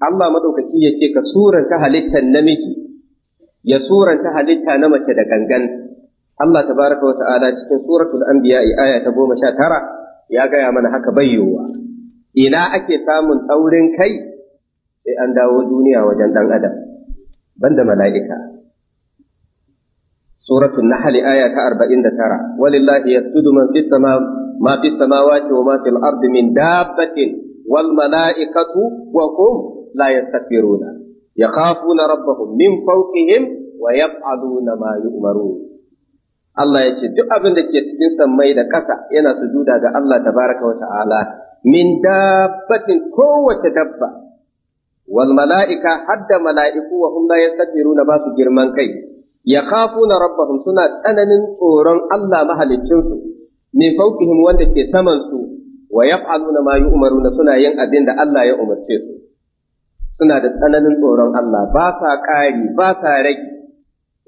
Allah madaukaki ya ce ka suranta halittar namiji ya suranta halitta na mace da gangan Allah tabaraka wa ta'ala cikin suratul anbiya aya ta goma sha tara ya gaya mana haka bayyowa ina ake samun taurin kai sai an dawo duniya wajen dan adam banda mala'ika suratul nahl aya ta 49 walillahi yasjudu man fis sama ma fis samawati wa ma fil ardi min dabbatin wal mala'ikatu wa hum la yastakbiruna yakhafuna rabbahum min fawqihim wa yaf'aluna ma yu'marun Allah ya ce duk abin da ke cikin sammai da ƙasa yana sujuda ga Allah tabaraka wa ta'ala min dabbatin kowace dabba wal mala'ika hadda mala'iku wa hum la yastakbiruna ba su girman kai ya kafuna rabbahum suna tsananin tsoron Allah mahaliccinsu ne fawqihim wanda ke saman su wa yaf'aluna ma yu'maruna suna yin abin da Allah ya umarce su suna da tsananin tsoron Allah ba sa ƙari ba sa rage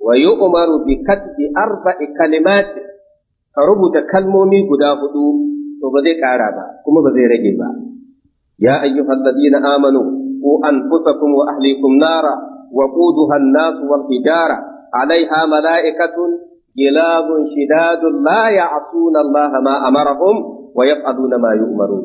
wa Umaru bi katbi arba'i ka rubuta kalmomi guda hudu to ba zai ƙara ba kuma ba zai rage ba ya ayyuhal ladina amanu ku anfusakum wa ahlikum nara wa quduha an-nas wal hijara alaiha mala'ikatun غلاظ شداد لا يعصون الله ما أمرهم ويفعلون ما يؤمرون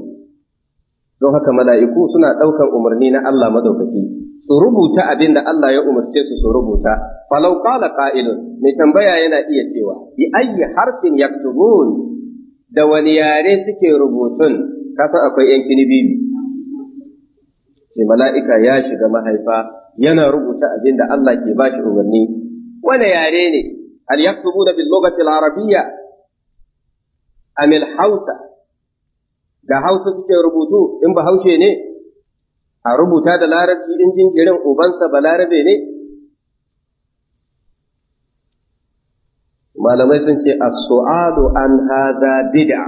don haka mala'iku suna ɗaukar umarni na Allah maɗaukaki. su rubuta abin da Allah ya umarce su su rubuta falau qala qa'ilun mai tambaya yana iya cewa bi ayyi harfin yaktubun da wani yare suke rubutun Kasa akwai yan bibi. sai mala'ika ya shiga mahaifa yana rubuta abin da Allah ke bashi umarni wani yare ne al yaktubuna bil lughati al arabiyya am al hausa da hausa suke rubutu in ba haushe ne a rubuta da larabci in jinjirin ubansa balarabe ne malamai sun ce as-su'alu an haza bid'a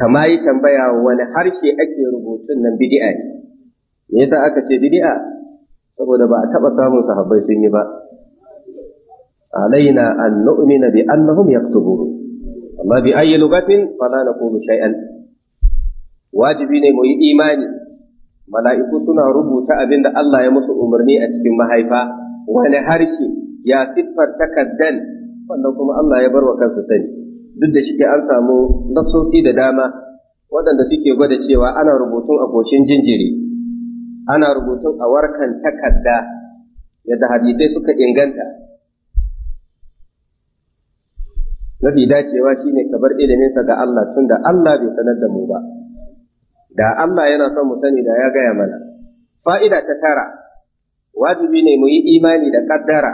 kama yi tambaya wani harshe ake rubutun nan bid'a ne me yasa aka ce bid'a saboda ba a taɓa samun sahabbai sun yi ba alaina an nu'mina bi annahum yaktubun amma bi ayyi lugatin fala naqulu shay'an wajibi ne mu yi imani mala'iku suna rubuta abin da Allah ya musu umarni a cikin mahaifa wani harshe ya siffar takaddan wannan kuma Allah ya bar wa kansa sani duk da ke an samu nasosi da dama waɗanda suke gwada cewa ana rubutun a goshin jinjiri ana rubutun a warkan takadda yadda hadisai suka inganta mafi dacewa shine kabar bar iliminsa ga Allah tunda Allah bai sanar da mu ba da Allah yana son mu sani da ya gaya mana fa'ida ta tara wajibi ne mu yi imani da kaddara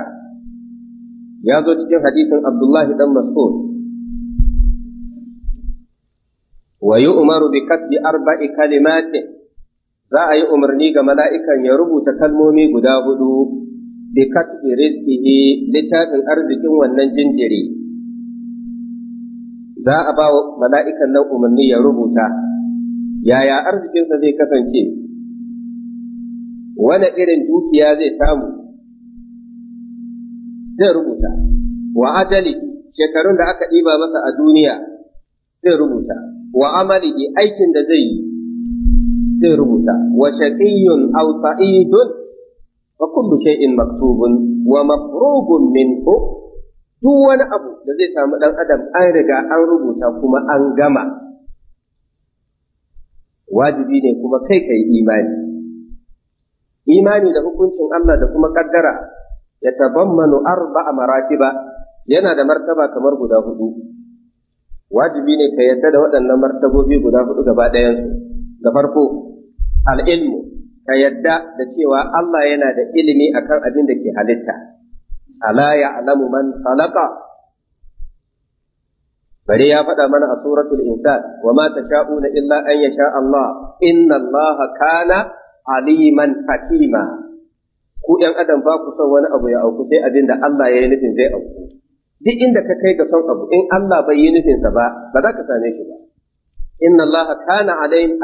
ya zo cikin hadisin Abdullahi dan Mas'ud wa yu'maru bi katbi arba'i kalimatin za a yi umarni ga mala'ikan ya rubuta kalmomi guda hudu bi katbi rizqihi littafin arzikin wannan jinjiri za a ba wa mala'ikan nan umarni ya rubuta yaya arzikinsa zai kasance wani irin dukiya zai samu zai rubuta wa ajali shekarun da aka ɗiba masa a duniya zai rubuta wa amali aikin da zai yi zai rubuta wa shaqiyyun aw sa'idun wa kullu shay'in maktubun wa mafrugun minhu duk wani abu da zai samu dan adam an riga an rubuta kuma an gama wajibi ne kuma kai kai imani imani da hukuncin Allah da kuma kaddara ya tabammanu arba'a maratiba yana da martaba kamar guda hudu wajibi ne ka yadda da waɗannan martabobi guda hudu gaba ɗayan su, da farko al'ilmu ka yadda da cewa Allah yana da ilimi akan abin da ke halitta ala ya'lamu man khalaqa Bari ya faɗa mana a suratul insan wa ma tasha'una illa an yasha Allah inna Allah kana aliman hakima ku ‘yan adam ba ku son wani abu ya auku sai abin da Allah ya yi nufin zai auku. Duk inda ka kai ga son abu in Allah bai yi nufinsa ba, ba za ka same shi ba. Inna Allah kana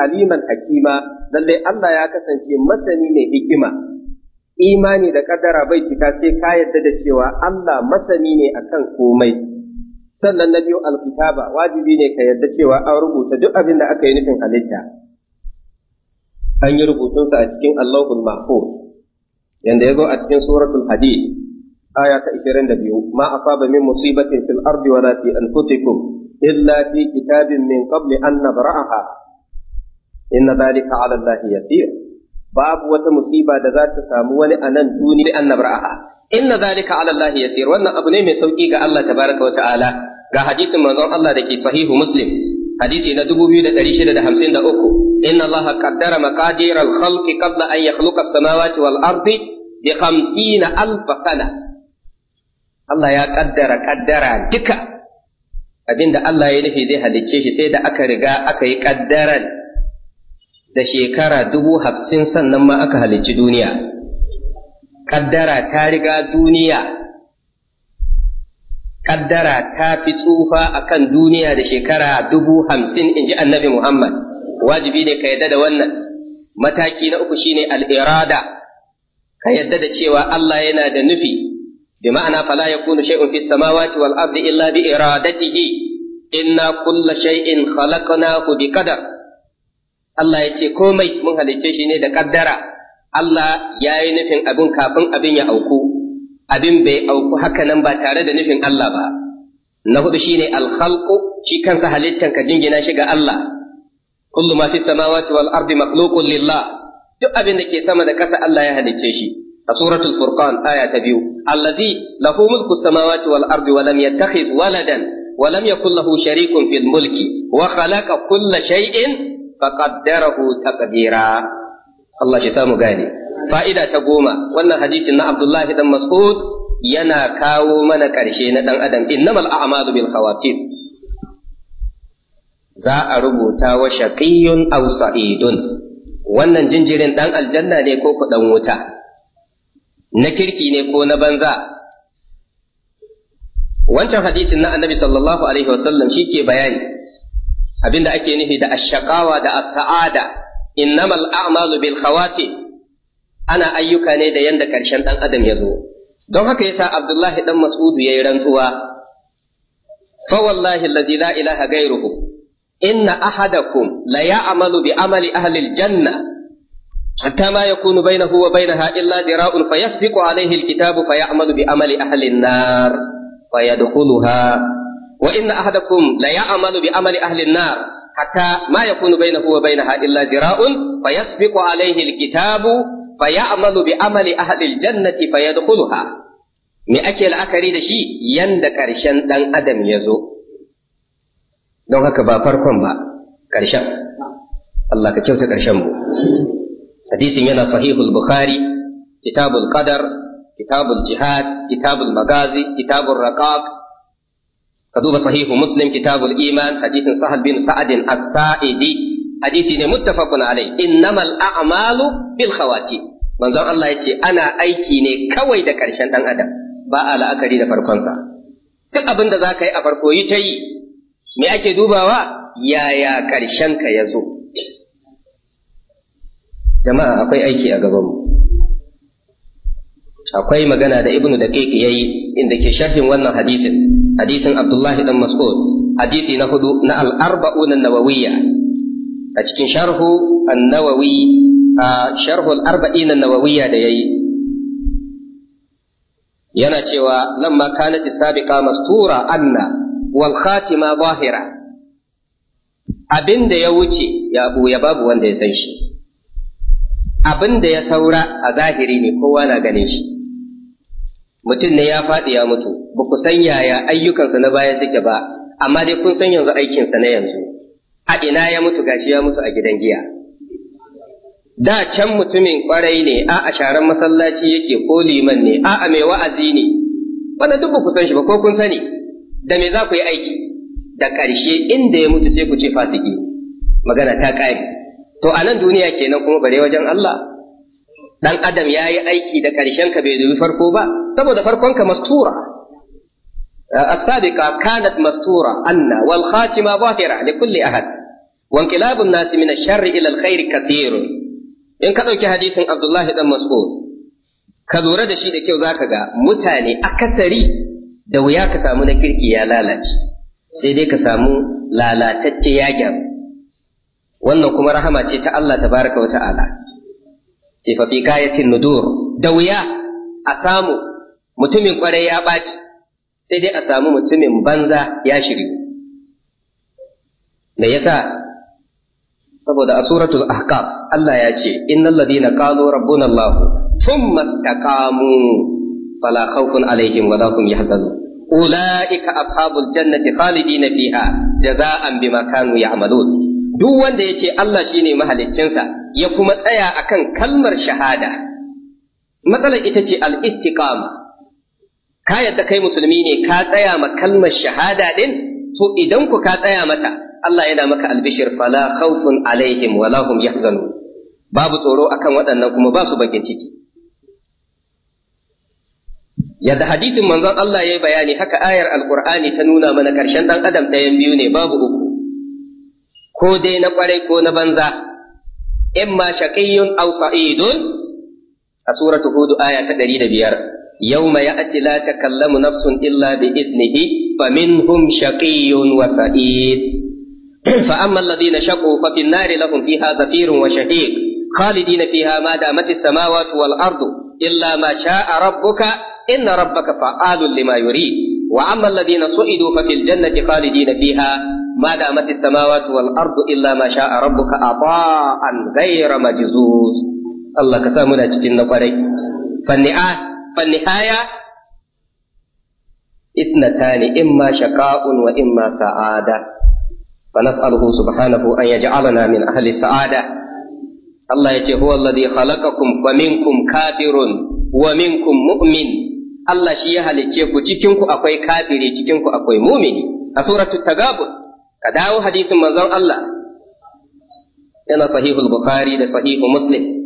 aliman hakima, lallai Allah ya kasance masani mai hikima. Imani da kaddara bai cika sai ka yarda da cewa Allah masani ne akan komai, sannan na biyu alkitaba wajibi ne ka yarda cewa an rubuta duk abin da aka yi nufin halitta an yi rubutunsa a cikin allahul mahfuz yanda ya zo a cikin suratul hadid aya ta 22 ma asaba min musibatin fil ardi wala fi anfusikum illa fi kitabin min qabli an nabra'aha inna dhalika 'ala allahi yasir babu wata musiba da za ta samu wani a nan duniya an nabra'aha inna zalika ala Allah yasir wannan abu ne mai sauki ga Allah tabaraka wa ta'ala ga hadisin manzon Allah da ke sahihu muslim hadisi na dubu biyu da da da shida hamsin uku. inna Allah kaddara maqadir al-khalqi qabla an yakhluqa as-samawati wal ardi bi 50 alf sana Allah ya kaddara kaddara duka abinda Allah ya nufi zai halicce shi sai da aka riga aka yi kaddaran da shekara dubu hamsin sannan ma aka halicci duniya kaddara ta riga duniya kaddara ta fi tsufa a kan duniya da shekara dubu hamsin in ji annabi Muhammad wajibi ne ka yadda da wannan mataki na uku shine al'irada ka yadda da cewa Allah yana da nufi bi ma'ana fala ya yakunu shay'un fi samawati wal ardi illa bi iradatihi inna kulla shay'in khalaqnahu bi qadar Allah ya ce komai mun halicce shi ne da kaddara Allah ya yi nufin abin kafin abin ya auku abin bai auku haka nan ba tare da nufin Allah ba na hudu shine al-khalqu shi kansa halittan ka jingina shi ga Allah kullu ma fi samawati wal ardi makhluqun lillah duk abin da ke sama da kasa Allah ya halicce shi a suratul furqan aya ta biyu allazi lahu mulku samawati wal ardi wa lam yattakhidh waladan wa lam yakul lahu sharikun fil mulki wa khalaqa kulla shay'in faqaddarahu taqdira Allah shi samu gane fa'ida ta goma wannan hadisin na Abdullahi dan Mas'ud yana kawo mana ƙarshe na ɗan adam innamal a'malu bil khawatim za a rubuta wa shaqiyyun aw sa'idun wannan jinjirin ɗan aljanna ne ko ku ɗan wuta na kirki ne ko na banza wancan hadisin na annabi sallallahu alaihi wasallam shi ke bayani abinda ake nufi da ashaqawa da as-sa'ada innamal a'malu bil khawatim ana ayyuka ne da yanda ƙarshen ɗan adam ya zo don haka yasa abdullahi ɗan mas'udu ya yi rantsuwa fa wallahi allazi la ilaha gairuhu inna ahadakum la ya'malu bi amali ahli aljanna hatta ma yakunu bainahu wa bainaha illa dira'un fayasbiqu alayhi alkitabu fayamalu bi amali ahli an-nar fayadkhuluha wa inna ahadakum la ya'malu bi amali ahli an-nar hatta ma yakunu bainahu wa bainaha illa dira'un fayasbiqu alayhi alkitabu fa ya'malu bi amali ahli aljannati fa yadkhuluha me ake la'akari da shi yanda ƙarshen ɗan adam ya zo don haka ba farkon ba ƙarshen Allah ka kyauta ƙarshen mu hadisin yana sahihul bukhari kitabul qadar kitabul jihad kitabul magazi kitabul raqaq ka duba sahihu muslim kitabul iman hadisin sahal bin sa'adin as-sa'idi hadisi ne muttafaqun alai innamal a'malu bil khawati manzon Allah yace ana aiki ne kawai da karshen dan adam ba a la'akari da farkonsa duk abin da zaka yi a farko yi ta yi me ake dubawa yaya karshen ka ya zo jama'a akwai aiki a gabanmu akwai magana da ibnu da yayi inda ke sharhin wannan hadisin hadisin abdullahi dan mas'ud hadisi na hudu na al-arba'un an-nawawiyya a cikin sharhu an-nawawi a sharhu al-arba'in an-nawawiyya da yayi yana cewa lamma kanat sabiqa mastura anna wal khatima zahira abinda ya wuce ya ya babu wanda ya san shi abinda ya saura a zahiri ne kowa na ganin shi mutum ne ya faɗi ya mutu ba ku san yaya ayyukansa na baya suke ba amma dai kun san yanzu aikinsa na yanzu a ina ya mutu gashi ya mutu a gidan giya da can mutumin kwarai ne a a sharan masallaci yake ko liman ne a a mai wa'azi ne wanda duk ku san shi ba ko kun sani da me za ku yi aiki da ƙarshe inda ya mutu sai ku ce fasiki magana ta ƙare to a nan duniya kenan kuma bare wajen Allah dan adam ya yi aiki da ƙarshen ka bai dubi farko ba saboda farkon ka mastura السابقة كانت مستورة أن والخاتمة ظاهرة لكل أحد وانقلاب الناس من الشر إلى الخير كثير إن كذلك حديث عبد الله بن مسعود ka lura da shi da kyau zaka ga mutane akasari da wuya ka samu na kirki ya lalace sai dai ka samu lalatacce ya wannan kuma rahama ce ta Allah tabaraka wa ta'ala ce fa nudur da wuya a samu mutumin kwarai ya ɓaci sai dai a samu mutumin banza ya shiri me yasa saboda a suratul ahqaf Allah ya ce innal ladina qalu rabbuna Allah thumma istaqamu fala khawfun alaihim wa la hum yahzanun ulaika ashabul jannati khalidina fiha jazaan bima kanu ya'malun duk wanda yace Allah shine mahaliccinsa ya kuma tsaya akan kalmar shahada matsalar ita ce al-istiqama kaya ta kai musulmi ne ka tsaya ma kalmar shahada din to idan ku ka tsaya mata Allah yana maka albishir fala khawfun alaihim wala hum babu tsoro akan waɗannan kuma ba su bakin ciki yadda hadisin manzon Allah ya yi bayani haka ayar alqur'ani ta nuna mana karshen dan adam ɗayan biyu ne babu uku ko dai na ƙwarai ko na banza imma shaqiyyun aw sa'idun a suratu hud aya ta 105 yawma ya'ti la takallamu nafsun illa bi idnihi faminhum shaqiyyun wa sa'id fa amma alladhina shaqu fa fin nari lahum fiha zafirun wa shahiq khalidina fiha ma damat as-samawati wal ardu illa ma fa'alun lima yurid وأما الذين سئلوا ففي الجنة خالدين فيها ما دامت السماوات والأرض إلا ما شاء ربك عطاء غير مجزوز الله كسامنا تجن قري فالنعاه فالنهاية اثنتان إما شقاء وإما سعادة فنسأله سبحانه أن يجعلنا من أهل السعادة الله يتي هو الذي خلقكم فمنكم كافر ومنكم مؤمن الله شيء هلتي ku cikin akwai kafiri cikinku akwai mumini a suratul tagabun ka dawo hadisin manzon Allah sahihul bukhari da sahihu muslim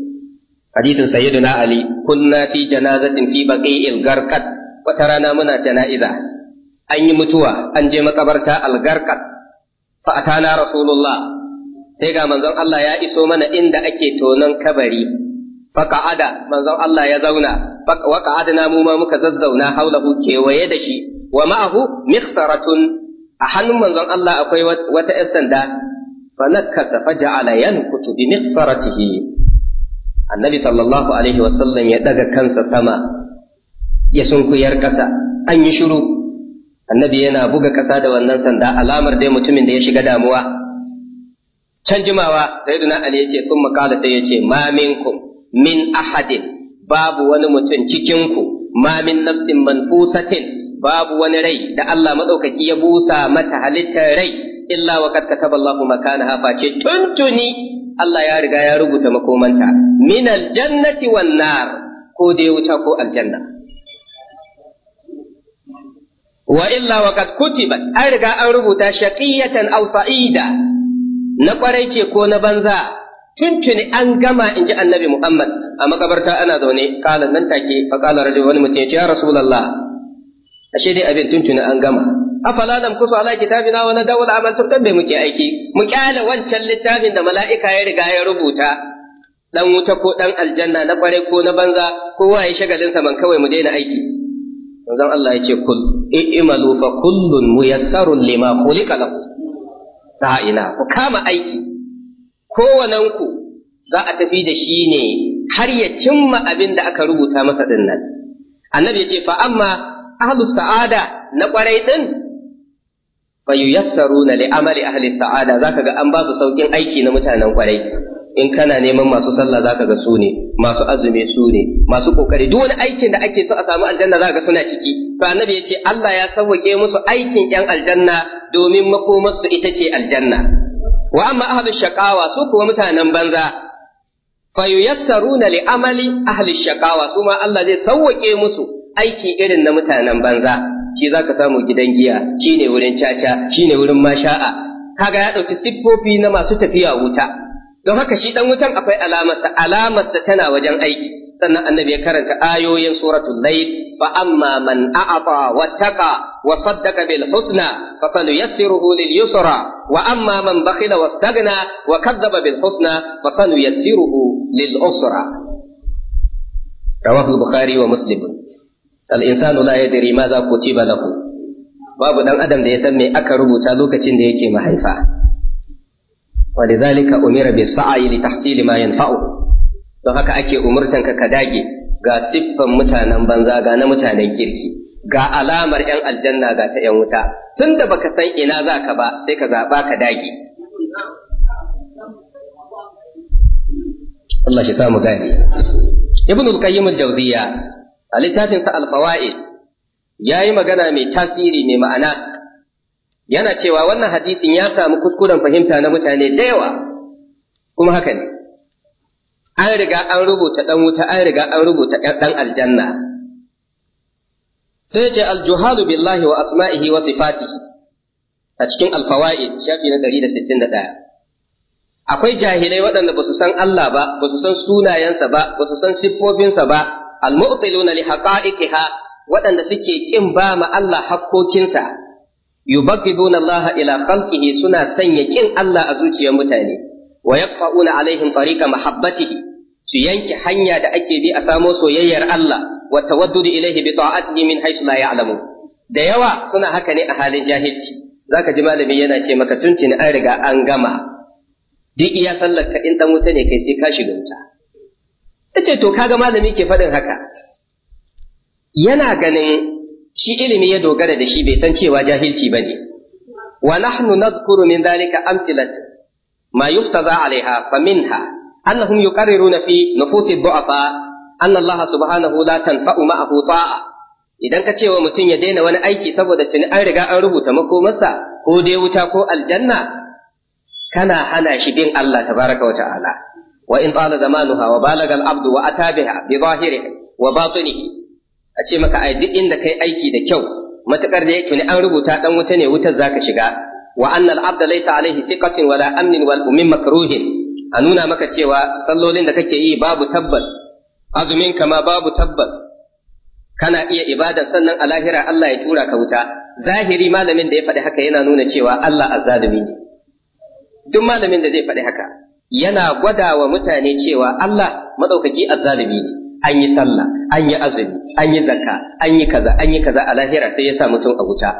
hadisin sayyiduna ali kunna fi janazatin fi baqi'il garqat wata rana muna jana'iza an yi mutuwa an je makabarta al-garqat fa atana rasulullah sai ga manzon Allah ya iso mana inda ake tonon kabari fa qa'ada manzon Allah ya zauna wa qa'adna mu ma muka zazzauna haulahu kewaye da shi wa ma'ahu mikhsaratun a hannun manzon Allah akwai wata 'yan sanda fa nakasa fa ja'ala yankutu bi mikhsaratihi annabi sallallahu alaihi wasallam ya daga kansa sama ya sunkuyar ƙasa an yi shiru annabi yana buga ƙasa da wannan sanda alamar dai mutumin da ya shiga damuwa can jimawa sayyiduna ali yace sun makala sai yace ma minkum min ahadin babu wani mutum cikin ku ma min nafsin manfusatin babu wani rai da Allah madaukaki ya busa mata halittar rai illa wa kad kataba makana makanaha face tuntuni Allah ya riga ya rubuta makomanta min aljannati wan nar ko dai wuta ko aljanna wa illa wa kad kutibat an riga an rubuta shaqiyatan aw sa'ida na kwarai ce ko na banza tuntuni an gama in ji annabi Muhammad a makabarta ana zaune kala nan take fa kala rajul wani mutum ya ya rasulullah ashe dai abin tuntuni an gama afala dam kusu ala kitabina wa nadawul amal tun bai muke aiki mu kyale wancan littafin da mala'ika ya riga ya rubuta Ɗan wuta ko ɗan aljanna na kwarai ko na banza kowa ya shagalin sa man kawai mu daina aiki manzon Allah ya ce kul i'malu fa kullun muyassarun lima khuliqa lahu ina ku kama aiki kowannen ku za a tafi da shi ne har ya cimma abin da aka rubuta masa din nan annabi ya ce fa amma ahlu sa'ada na kwarai din fa yuyassaruna li amali ahli sa'ada zaka ga an ba su saukin aiki na mutanen kwarai in kana neman masu sallah zaka ga su ne masu azumi su ne masu kokari duk wani aikin da ake so a samu aljanna zaka ga suna ciki to annabi ce Allah ya sauke musu aikin yan aljanna domin makomar su ita ce aljanna wa amma ahlu shaqawa su kuwa mutanen banza fayuyassaruna li amali ahli shaqawa su Allah zai sauke musu aiki irin na mutanen banza shi zaka samu gidan giya shine wurin caca shine wurin masha'a kaga ya dauki siffofi na masu tafiya wuta don haka shi dan wutan akwai alamarsa alamarsa tana wajen aiki sannan annabi ya karanta ayoyin suratul layl fa amma man a'ata wattaqa wa saddaka bil husna fa sanuyassiruhu lil yusra wa amma man bakhila wastaghna wa kadzdzaba bil husna fa sanuyassiruhu lil usra rawahu bukhari wa muslim al insanu la yadri ma za kutiba lahu babu dan adam da ya san me aka rubuta lokacin da yake mahaifa ولذلك أمر بالسعي لتحصيل ما ينفعه don haka ake umurtan ka dage ga siffan mutanen banza ga na mutanen kirki ga alamar yan aljanna ga ta yan wuta tunda baka san ina za ka ba sai ka zaɓa ka dage Allah shi samu gane Ibn al-Qayyim al a littafin sa al-Fawaid yayi magana mai tasiri mai ma'ana yana cewa wannan hadisin ya samu kuskuren fahimta na mutane da yawa kuma haka ne an riga an rubuta dan wuta an riga an rubuta dan aljanna sai ce aljuhalu billahi wa asma'ihi wa sifatihi a cikin alfawaid shafi na 161 akwai jahilai waɗanda ba su san Allah ba ba su san sunayensa ba ba su san siffofinsa ba almu'tiluna li haqa'iqiha waɗanda suke kin ba ma Allah hakkokinsa yubaghiduna Allah ila khalqihi suna sanya kin Allah a zuciyar mutane wa yaqta'una alaihim tariqa mahabbatihi su yanke hanya da ake bi a samo soyayyar Allah wa tawaddudu ilaihi bi ta'atihi min haythu la ya'lamu da yawa suna haka ne a halin jahilci zaka ji malami yana ce maka tuntuni an riga an gama duk iya sallar ka in dan wuta ne kai sai ka shiga wuta tace to kaga malami ke faɗin haka yana ganin shi ilimi ya dogara da shi bai san cewa jahilci ne wa nahnu nadhkuru min dhalika amsalat ma yuftaza alaiha fa minha annahum yuqarriruna fi nufusi du'afa anna Allah subhanahu la tanfa'u ma'ahu ta'a idan ka cewa mutum ya daina wani aiki saboda tuni an riga an rubuta makomarsa ko dai wuta ko aljanna kana hana shi bin Allah tabaraka wa ta'ala wa in tsala zamanuha wa balaga al-abdu wa atabiha bi zahirihi wa batinihi a ce maka ai duk inda kai aiki da kyau matakar da yake ne an rubuta dan wuta ne wutar zaka shiga wa anna al-abda laysa alayhi thiqatin wala amnin wal ummin makruhin a nuna maka cewa sallolin da kake yi babu tabbas azumin kama babu tabbas kana iya ibada sannan a lahira Allah ya tura ka wuta zahiri malamin da ya faɗi haka yana nuna cewa Allah azzalimi ne duk malamin da zai faɗi haka yana gwada wa mutane cewa Allah madaukaki azzalimi ne an yi sallah an yi azumi an yi zaka, an yi kaza an yi kaza a lahira sai ya sa mutum a wuta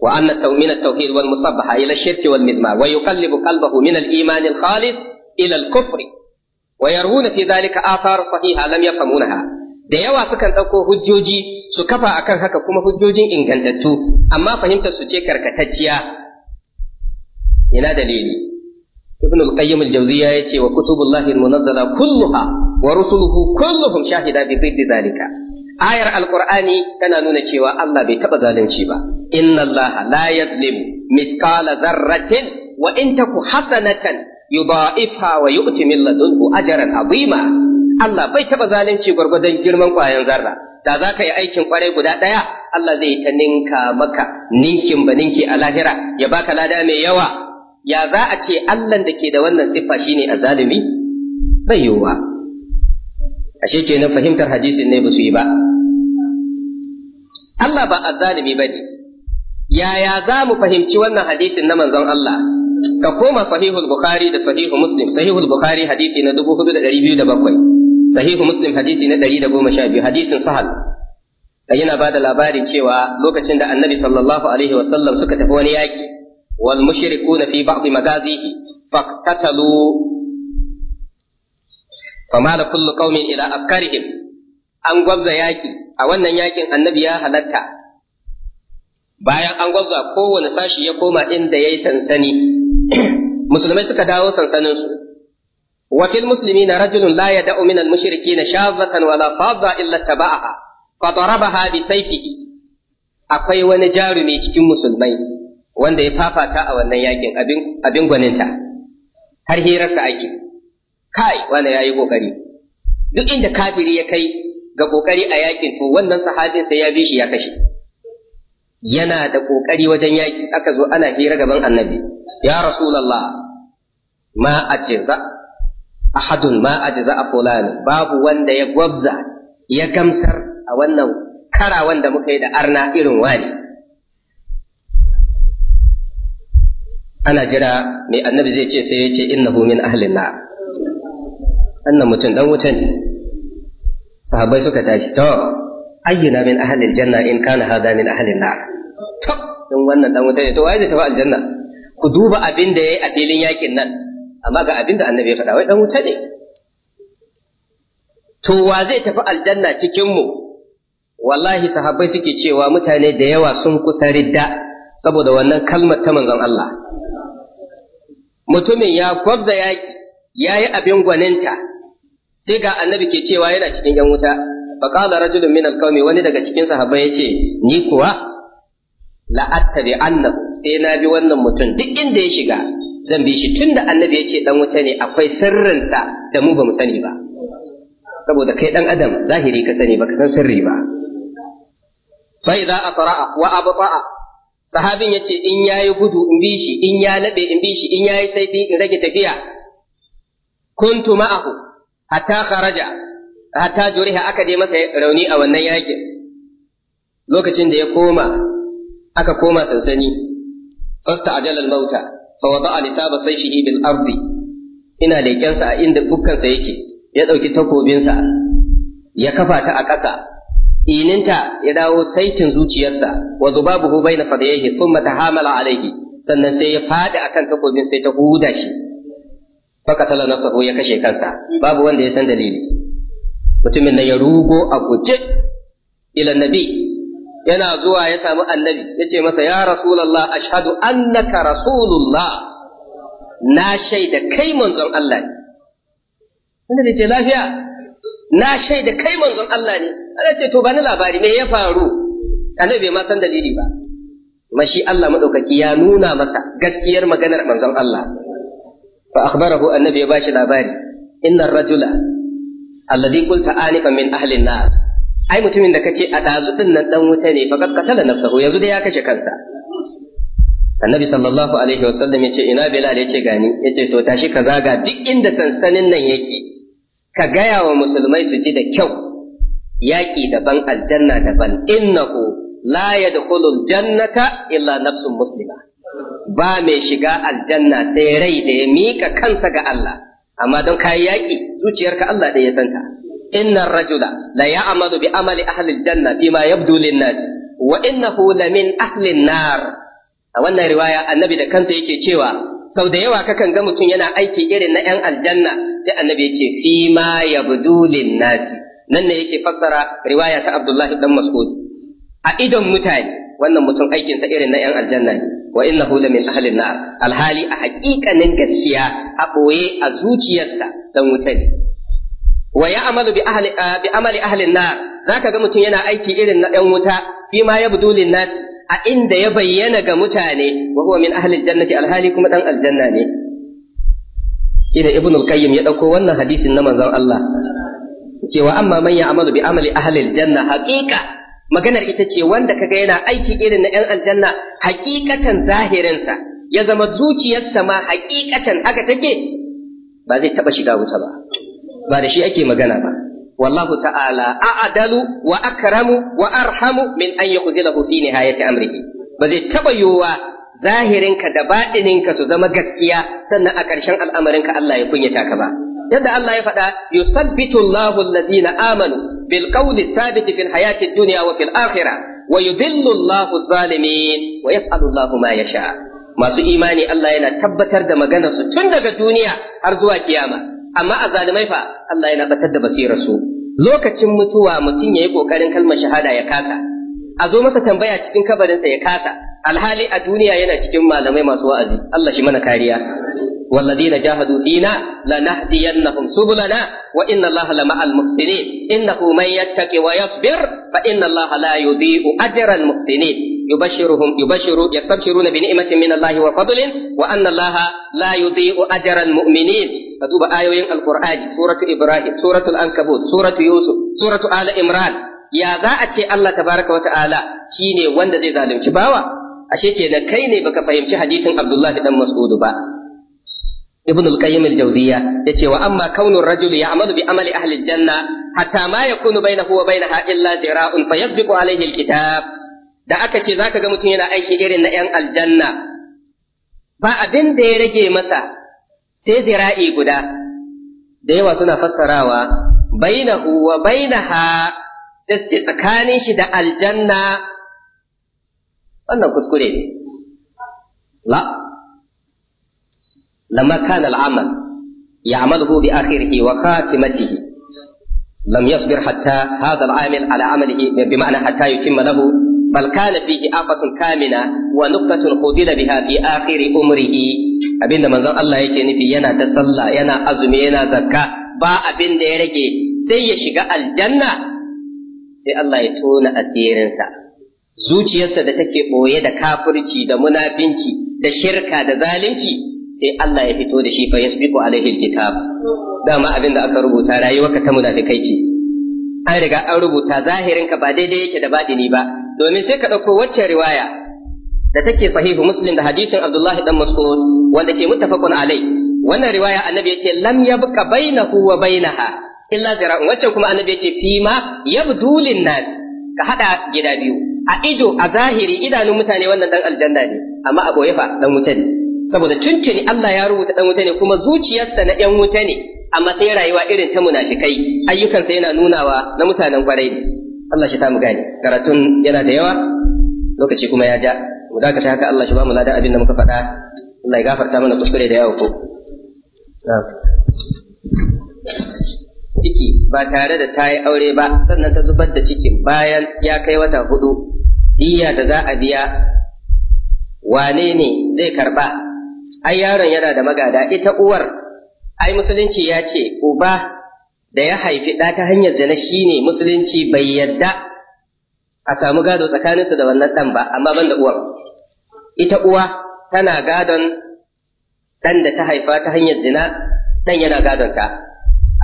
wa anna min at-tauhid wal musabbaha ila shirki wal midma wa yuqallibu qalbahu min al-iman al-khalis ila al-kufr wa yaruna fi dhalika athar sahiha lam yafhamunaha da yawa sukan dauko hujjoji su kafa akan haka kuma hujjojin ingantattu amma fahimtar su ce karkatacciya ina dalili ibn al-qayyim al-jawziya yace wa kutubullahi al-munazzala kulluha wa rusuluhu kulluhum shahida bi ziddi zalika ayar alqur'ani tana nuna cewa Allah bai taba zalunci ba inna Allah la yazlimu mithqala dharratin wa in taku hasanatan yudha'ifha wa yu'ti min ladunhu ajran 'azima Allah bai taba zalunci gwargwadon girman kwayan zarra da za ka yi aikin kwarai guda ɗaya Allah zai ta ninka maka ninkin ba ninki a lahira ya baka lada mai yawa ya za a ce Allahn da ke da wannan siffa shine azalimi bai yiwuwa ashe ke na fahimtar hadisin ne ba su yi ba Allah ba azalimi ba ne yaya za mu fahimci wannan hadisin na manzon Allah ka koma sahihul bukhari da sahihu muslim sahihul bukhari hadisi na 4207 sahihu muslim hadisi na 112 hadisin sahal yana ba da labarin cewa lokacin da annabi sallallahu alaihi wasallam suka tafi wani yaƙi wal mushrikuna fi ba'd magazihi faqtatalu famala kullu qaumin ila afkarihim an gwabza a wannan yakin annabi ya halatta bayan an gwabza kowane sashi ya koma inda yayi sansani musulmai suka dawo sansanin su musulmi na rajulun la yad'u min al na shazatan wala fadda illa tabaaha fa darabaha bi sayfihi akwai wani jarumi cikin musulmai wanda ya fafata a wannan yakin abin gwaninta har hirarsa ake kai wanda ya yi ƙoƙari duk inda kafiri ya kai ga ƙoƙari a yakin to wannan sahabin sai ya bi shi ya kashe yana da ƙoƙari wajen yakin, aka zo ana hira gaban annabi ya rasulallah ma ajiza ahadun ma ajiza a fulani babu wanda ya gwabza ya gamsar a wannan karawan da muka yi da arna irin wani ana jira mai annabi zai ce sai ya ce innahu min ahalin na annan mutum dan wuta ne sahabbai suka tashi to ayyuna min ahalin janna in kana hada min ahalin na to in wannan dan wuta ne to wai zai tafi aljanna ku duba abin da yayi a filin yakin nan amma ga abin da annabi ya faɗa wai dan wuta ne to wa zai tafi aljanna cikin mu wallahi sahabbai suke cewa mutane da yawa sun kusa ridda saboda wannan kalmar ta manzon Allah mutumin ya kwabza yaki yayi abin gwaninta sai ga annabi ke cewa yana cikin yan wuta faqala rajulun min alqaumi wani daga cikin sahabbai yace ni kuwa la attabi annahu sai na bi wannan mutum duk inda ya shiga zan bi shi tunda annabi yace dan wuta ne akwai sirrinsa da mu ba sani ba saboda kai dan adam zahiri ka sani baka san sirri ba fa idza asra'a wa abta'a sahabin ya ce in yayi gudu in bi shi in ya labe in bi shi in yayi saifi in rage tafiya kuntu ma'ahu hatta kharaja hatta juriha aka je masa rauni a wannan yakin lokacin da ya koma aka koma sansani fasta ajalal mauta fa wada'a lisaba sayfihi bil ardi ina leƙensa a inda bukkansa yake ya dauki takobinsa ya kafa ta a ƙasa tsininta ya dawo saitin zuciyarsa wa zubabuhu baina fadayhi thumma tahamala alayhi sannan sai ya fadi akan takobin sai ta huda shi fakatala nafsahu ya kashe kansa babu wanda ya san dalili mutumin nan ya rugo a guje ila nabi yana zuwa ya samu annabi ya ce masa ya rasulallah ashhadu annaka rasulullah na shaida kai manzon Allah ne ce lafiya na shaida kai manzon Allah ne ana ce to ba ni labari me ya faru annabi bai ma san dalili ba kuma shi Allah madaukaki ya nuna masa gaskiyar maganar manzon Allah fa akhbarahu annabi ya bashi labari inna rajula alladhi qulta anifan min ahli an-nar ai mutumin da kace a dazu din nan dan wuta ne fa qatala nafsahu yanzu da ya kashe kansa annabi sallallahu alaihi wasallam yace ina bilal yace gani yace to tashi ka zaga duk inda sansanin nan yake ka gaya wa musulmai su ji da kyau yaƙi daban aljanna daban innahu la yadkhulul jannata illa nafsun muslima ba mai shiga aljanna sai rai da ya miƙa kansa ga Allah amma don kayi yaƙi zuciyarka Allah da ya ka. inna rajula la ya'malu bi amali ahli janna bima yabdu lin nas wa innahu lamin ahli nar a wannan riwaya annabi da kansa yake cewa sau da yawa kakan ga mutum yana aiki irin na 'yan aljanna sai annabi yake fi ma yabdu nasi nan ne yake fassara riwaya ta Abdullahi dan Mas'ud a idon mutane wannan mutum aikinsa irin na 'yan aljanna ne wa innahu hula min ahalin nar alhali a haƙiƙanin gaskiya a ɓoye a zuciyarsa dan wuta ne wa ya'malu bi ahli bi amali ahli nar zaka ga mutum yana aiki irin na 'yan wuta fi ma yabdu nasi a inda ya bayyana ga mutane wa huwa min ahli alhali kuma dan aljanna ne shine ibn al ya dauko wannan hadisin na manzon Allah cewa amma man ya'malu bi amali ahli aljanna haqiqa maganar ita ce wanda kaga yana aiki irin na yan aljanna zahirin zahirinsa ya zama zuciyarsa ma haqiqatan haka take ba zai taba shiga wuta ba ba da shi ake magana ba wallahu ta'ala a'dalu wa akramu wa arhamu min an yukhzilahu fi nihayati amrihi ba zai taba yiwuwa zahirinka da baɗininka su zama gaskiya sannan a ƙarshen al'amarinka Allah ya kunyata ka ba yadda Allah ya faɗa yusabbitu Allahu alladhina amanu bil qawli thabit fil hayati dunya wa fil akhirah wa yudhillu Allahu adh-dhalimin wa yaf'alu ma yasha' masu imani Allah yana tabbatar da maganarsu tun daga duniya har zuwa kiyama amma a zalimai fa Allah yana batar da basirarsu lokacin mutuwa mutum ya yi ƙoƙarin kalmar shahada ya kasa a zo masa tambaya cikin kabarinsa ya kasa alhali a duniya yana cikin malamai masu wa'azi Allah shi mana kariya والذين جاهدوا فينا لنهدينهم سبلنا وإن الله لمع المحسنين إنه من يتق ويصبر فإن الله لا يضيء أجر المحسنين يبشرهم يبشر يستبشرون بنعمة من الله وفضل وأن الله لا يضيء أجر المؤمنين فتوب آيوين القرآن سورة إبراهيم سورة الأنكبوت سورة يوسف سورة آل إمران يا ذا أتي الله تبارك وتعالى شيني وند زي ظالم شباوة ashe kenan kai ne baka fahimci hadisin Abdullah dan Mas'ud ba Ibn al-Qayyim al-Jawziyya yace wa amma kaunur rajul ya'malu bi amali ahli al-janna hatta ma yakunu bainahu wa bainaha illa dira'un fayasbiqu alayhi al-kitab da aka ce zaka ga mutum yana aiki irin na 'yan aljanna ba abin da ya rage masa sai zira'i guda da yawa suna fassarawa bainahu wa bainaha tsakanin shi da aljanna wannan kuskure ne la lamma kana al'amal ya'maluhu bi akhirihi wa khatimatihi lam yasbir hatta hadha al'amil ala amalihi bi ma'ana hatta yutimma lahu bal kana fihi afatun kamina wa nuqtatun khudida biha fi akhiri umrihi abinda manzon Allah yake nufi yana ta sallah yana azumi yana zakka ba abin da ya rage sai ya shiga aljanna sai Allah ya tona asirinsa zuciyarsa da take ɓoye da kafirci da munafinci da shirka da zalunci sai Allah ya fito da shi fa yasbiqu alaihi alkitab dama abin da aka rubuta rayuwarka ta munafikai ce an riga an rubuta zahirinka ba daidai yake da baɗini ba domin sai ka ɗauko wacce riwaya da take sahihu muslim da hadisin abdullahi dan mas'ud wanda ke muttafaqun alai wannan riwaya annabi yace lam yabqa bainahu wa bainaha illa zira'un wacce kuma annabi yace Fima, ma nas ka hada gida biyu a ido a zahiri idanun mutane wannan dan aljanna ne amma a boye fa dan wuta ne saboda tuntuni Allah ya rubuta dan wuta ne kuma zuciyarsa na yan wuta ne amma sai rayuwa irin ta munafikai ayyukansa yana nunawa na mutanen kwarai ne Allah shi samu gane karatun yana da yawa lokaci kuma ya ja mu dakata haka Allah shi ba mu ladan abin da muka faɗa Allah ya gafarta mana kuskure da yawa ko ciki ba tare da ta yi aure ba sannan ta zubar da cikin bayan ya kai wata hudu diya da za a biya wane ne zai karba ai yaron yana da magada ita uwar ai musulunci ya ce uba da ya haifi ɗa ta hanyar zina shine musulunci bai yarda a samu gado tsakaninsu da wannan ɗan ba amma ban da uwar ita uwa tana gadon ɗan da ta haifa ta hanyar zina ɗan yana gadon ta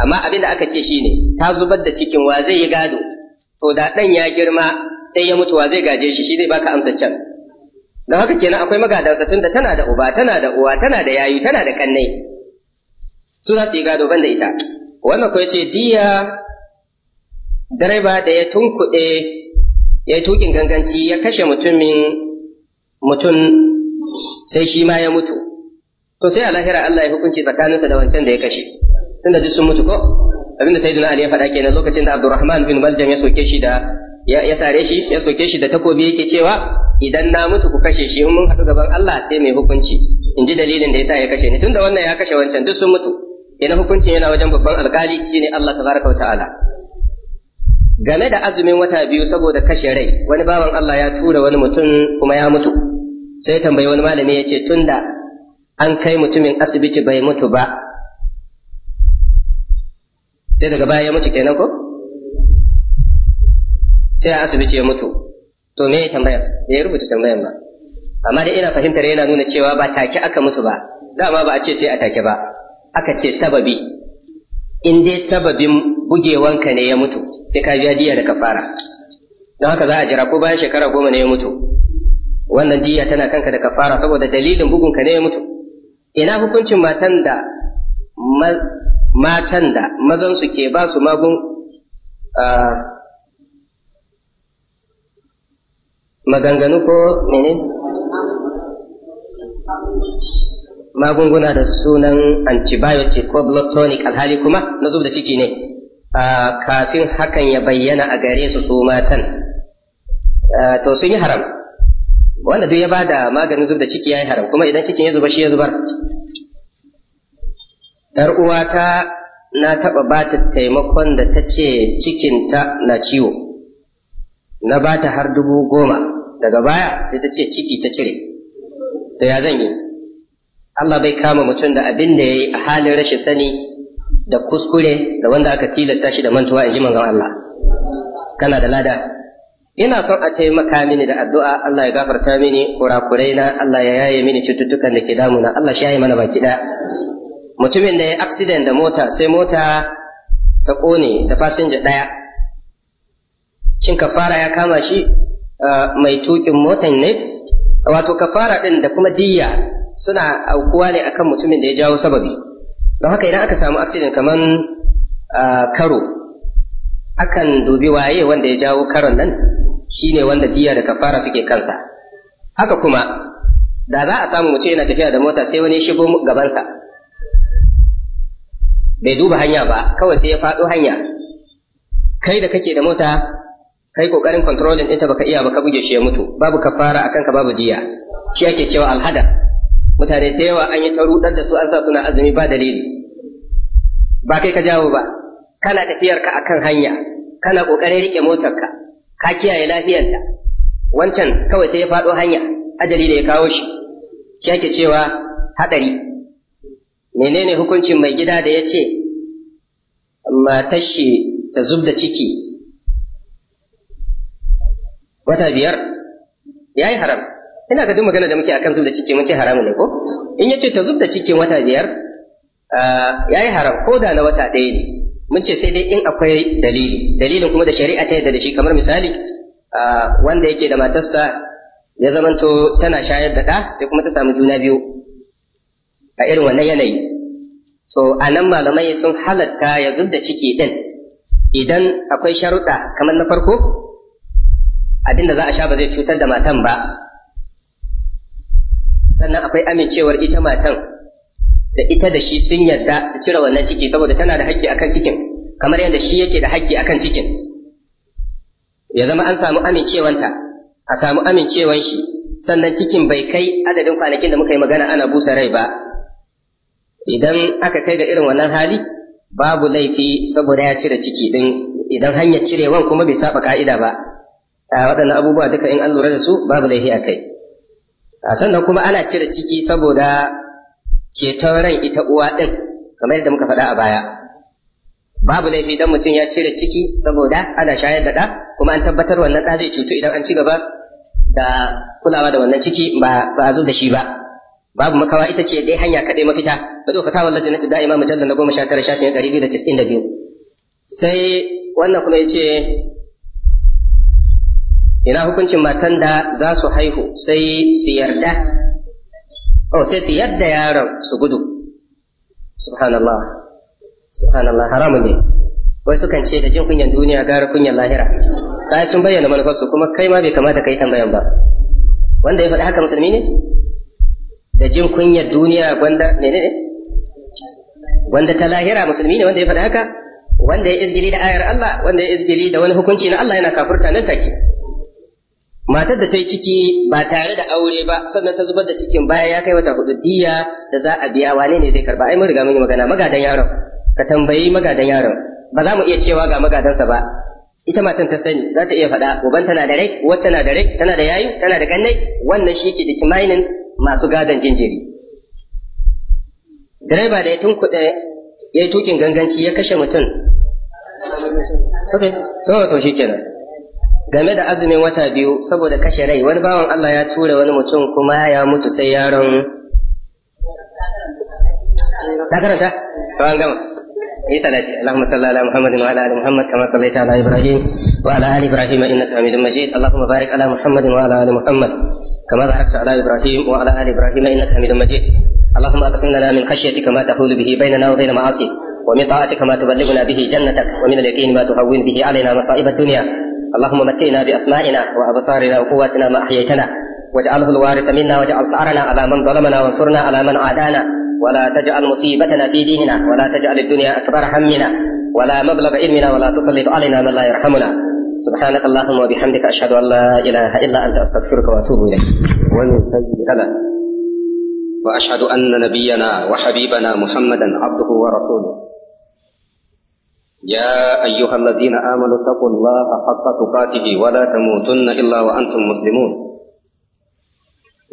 amma abin da aka ce shine ta zubar da cikin wa zai yi gado to da ɗan ya girma sai ya mutu wa zai gaje shi shi zai baka amsa can don haka kenan akwai magada tun da tana da uba tana da uwa tana da yayu tana da kannai su za su yi gado ban da ita wannan ko ce diya direba da ya tunkuɗe ya yi tukin ganganci ya kashe mutumin mutum sai shi ma ya mutu to sai a lahira Allah ya hukunci tsakaninsa da wancan da ya kashe tunda duk sun mutu ko abinda sayyidina ali ya faɗa kenan lokacin da abdurrahman bin baljam ya soke shi da ya sare shi ya soke shi da takobi yake cewa idan na mutu ku kashe shi in mun haɗu gaban Allah sai mai hukunci in ji dalilin da ya ya kashe ni tunda wannan ya kashe wancan duk sun mutu ina hukuncin yana wajen babban alkali shine Allah tabaraka wa ta'ala game da azumin wata biyu saboda kashe rai wani bawan Allah ya tura wani mutum kuma ya mutu sai tambayi wani malami ya ce tunda an kai mutumin asibiti bai mutu ba sai daga baya ya mutu kenan ko sai a asibiti ya mutu to me ya tambayar ya rubuta tambayar ba amma dai ina fahimtar yana nuna cewa ba take aka mutu ba dama ba a ce sai a take ba aka ce sababi in dai sababin bugewanka ne ya mutu sai ka biya diya da kafara don haka za a jira ko bayan shekara goma ne ya mutu wannan diya tana kanka da kafara saboda dalilin bugunka ne ya mutu ina hukuncin matan da matan da mazansu ke ba su magun maganganu ko mene magunguna da sunan antibiotic ko blood tonic alhali kuma na zub da ciki ne kafin hakan ya bayyana a gare su su matan to sun yi haram wanda duk ya bada maganin zub da ciki ya yi haram kuma idan cikin ya zuba shi ya zubar ‘yar uwata na taɓa ba ta taimakon da ta ce cikinta na ciwo, na ba ta har dubu goma, daga baya sai ta ce ciki ta cire, to ya zan yi. Allah bai kama mutum da abin da ya yi a halin rashin sani da kuskure da wanda aka tilasta shi da mantuwa in ji manzon Allah. Kana da lada. Ina son a taimaka mini da addu'a Allah ya gafarta mini kurakurai na Allah ya yaye mini cututtukan da ke damuna Allah shi yi mana baki ɗaya. mutumin da ya accident da mota sai mota ta ƙone da fasinja ɗaya shin kafara ya kama shi mai tukin motan ne wato kafara ɗin da kuma diyya suna aukuwa ne akan mutumin da ya jawo sababi don haka idan aka samu accident kaman karo akan dubi waye wanda ya jawo karon nan shine wanda diyya da kafara suke kansa haka kuma da za a samu mutum yana tafiya da mota sai wani shigo gabansa bai duba hanya ba kawai sai ya faɗo hanya kai da kake da mota kai kokarin controlling ɗinta baka iya baka buge shi ya mutu babu kafara akan ka babu jiya shi ake cewa alhada mutane da yawa an yi ta rudar da su an sa suna azumi ba dalili ba kai ka jawo ba kana tafiyar ka akan hanya kana kokarin rike motarka ka kiyaye lafiyarta wancan kawai sai ya faɗo hanya ajali da ya kawo shi shi ake cewa hadari menene hukuncin mai gida da ya ce matashi ta zub da ciki wata biyar ya yi haram ina ga duk magana da muke akan zub da ciki mun ce haramu ne ko in ya ce ta zub da cikin wata biyar ya yi haram ko da na wata ɗaya ne mun ce sai dai in akwai dalili dalilin kuma da shari'a ta yadda da shi kamar misali wanda yake da matarsa ya zamanto tana shayar da ɗa sai kuma ta samu juna biyu a irin wannan yanayi to a nan malamai sun halatta ya zub da ciki din idan akwai sharuɗa kamar na farko abinda za a sha ba zai cutar da matan ba sannan akwai amincewar ita matan da ita da shi sun yarda su cire wannan ciki saboda tana da haƙƙi akan cikin kamar yadda shi yake da haƙƙi akan cikin ya zama an samu amincewanta a samu amincewan shi sannan cikin bai kai adadin kwanakin da muka yi magana ana busa rai ba idan aka kai ga irin wannan hali babu laifi saboda ya cire ciki din idan hanyar cirewan kuma bai saba ka'ida ba a waɗannan abubuwa duka in an lura da su babu laifi a kai sannan kuma ana cire ciki saboda ceton ran ita uwa din kamar yadda muka faɗa a baya babu laifi dan mutum ya cire ciki saboda ana shayar da ɗa kuma an tabbatar wannan ɗa zai cutu idan an ci gaba da kulawa da wannan ciki ba a zo da shi ba babu makawa ita ce dai hanya kaɗai mafita ba zo fatawar lajinatu da'ima mujallar na goma sha tara shafin ɗari biyu da tis'in da biyu sai wannan kuma ya ce ina hukuncin matan da za su haihu sai su yarda oh sai su yarda yaron su gudu subhanallah subhanallah haramun ne wai sukan ce da jin kunyan duniya gara kunyan lahira kai sun bayyana manufarsu kuma kai ma bai kamata kai tambayan ba wanda ya faɗi haka musulmi ne da jin kunyar duniya gwanda menene wanda ta lahira musulmi ne wanda ya faɗi haka wanda ya izgili da ayar Allah wanda ya izgili da wani hukunci na Allah yana kafurta nan take matar da ta yi ciki ba tare da aure ba sannan ta zubar da cikin baya ya kai wata hudu diya da za a biya wane ne zai karba ai mun riga mun yi magana magadan yaron ka tambayi magadan yaron ba za mu iya cewa ga magadansa ba ita matan ta sani za ta iya faɗa uban tana da rai uwar tana da rai tana da yayu tana da kannai wannan shi ke dikimainin masu gadon jinjiri direba da ya tunkuɗe ya yi tukin ganganci ya kashe mutum okay to shi shikenan game da azumin wata biyu saboda kashe rai wani bawan Allah ya tura wani mutum kuma ya mutu sai yaron ta karanta to gama اي اللهم صل على محمد وعلى ال محمد كما صليت على ابراهيم وعلى ال ابراهيم انك حميد مجيد اللهم بارك على محمد وعلى ال محمد كما باركت على ابراهيم وعلى ال ابراهيم انك حميد مجيد اللهم اقسم لنا من خشيتك ما تحول به بيننا وبين معاصيك ومن طاعتك ما تبلغنا به جنتك ومن اليقين ما تهون به علينا مصائب الدنيا اللهم متئنا باسمائنا وابصارنا وقواتنا ما احييتنا واجعله الوارث منا واجعل ثارنا على من ظلمنا وانصرنا على من عادانا ولا تجعل مصيبتنا في ديننا ولا تجعل الدنيا أكبر همنا ولا مبلغ علمنا ولا تسلط علينا من لا يرحمنا سبحانك اللهم وبحمدك أشهد أن لا إله إلا أنت أستغفرك وأتوب إليك ومن سيئنا وأشهد أن نبينا وحبيبنا محمدا عبده ورسوله يا أيها الذين آمنوا اتقوا الله حق تقاته ولا تموتن إلا وأنتم مسلمون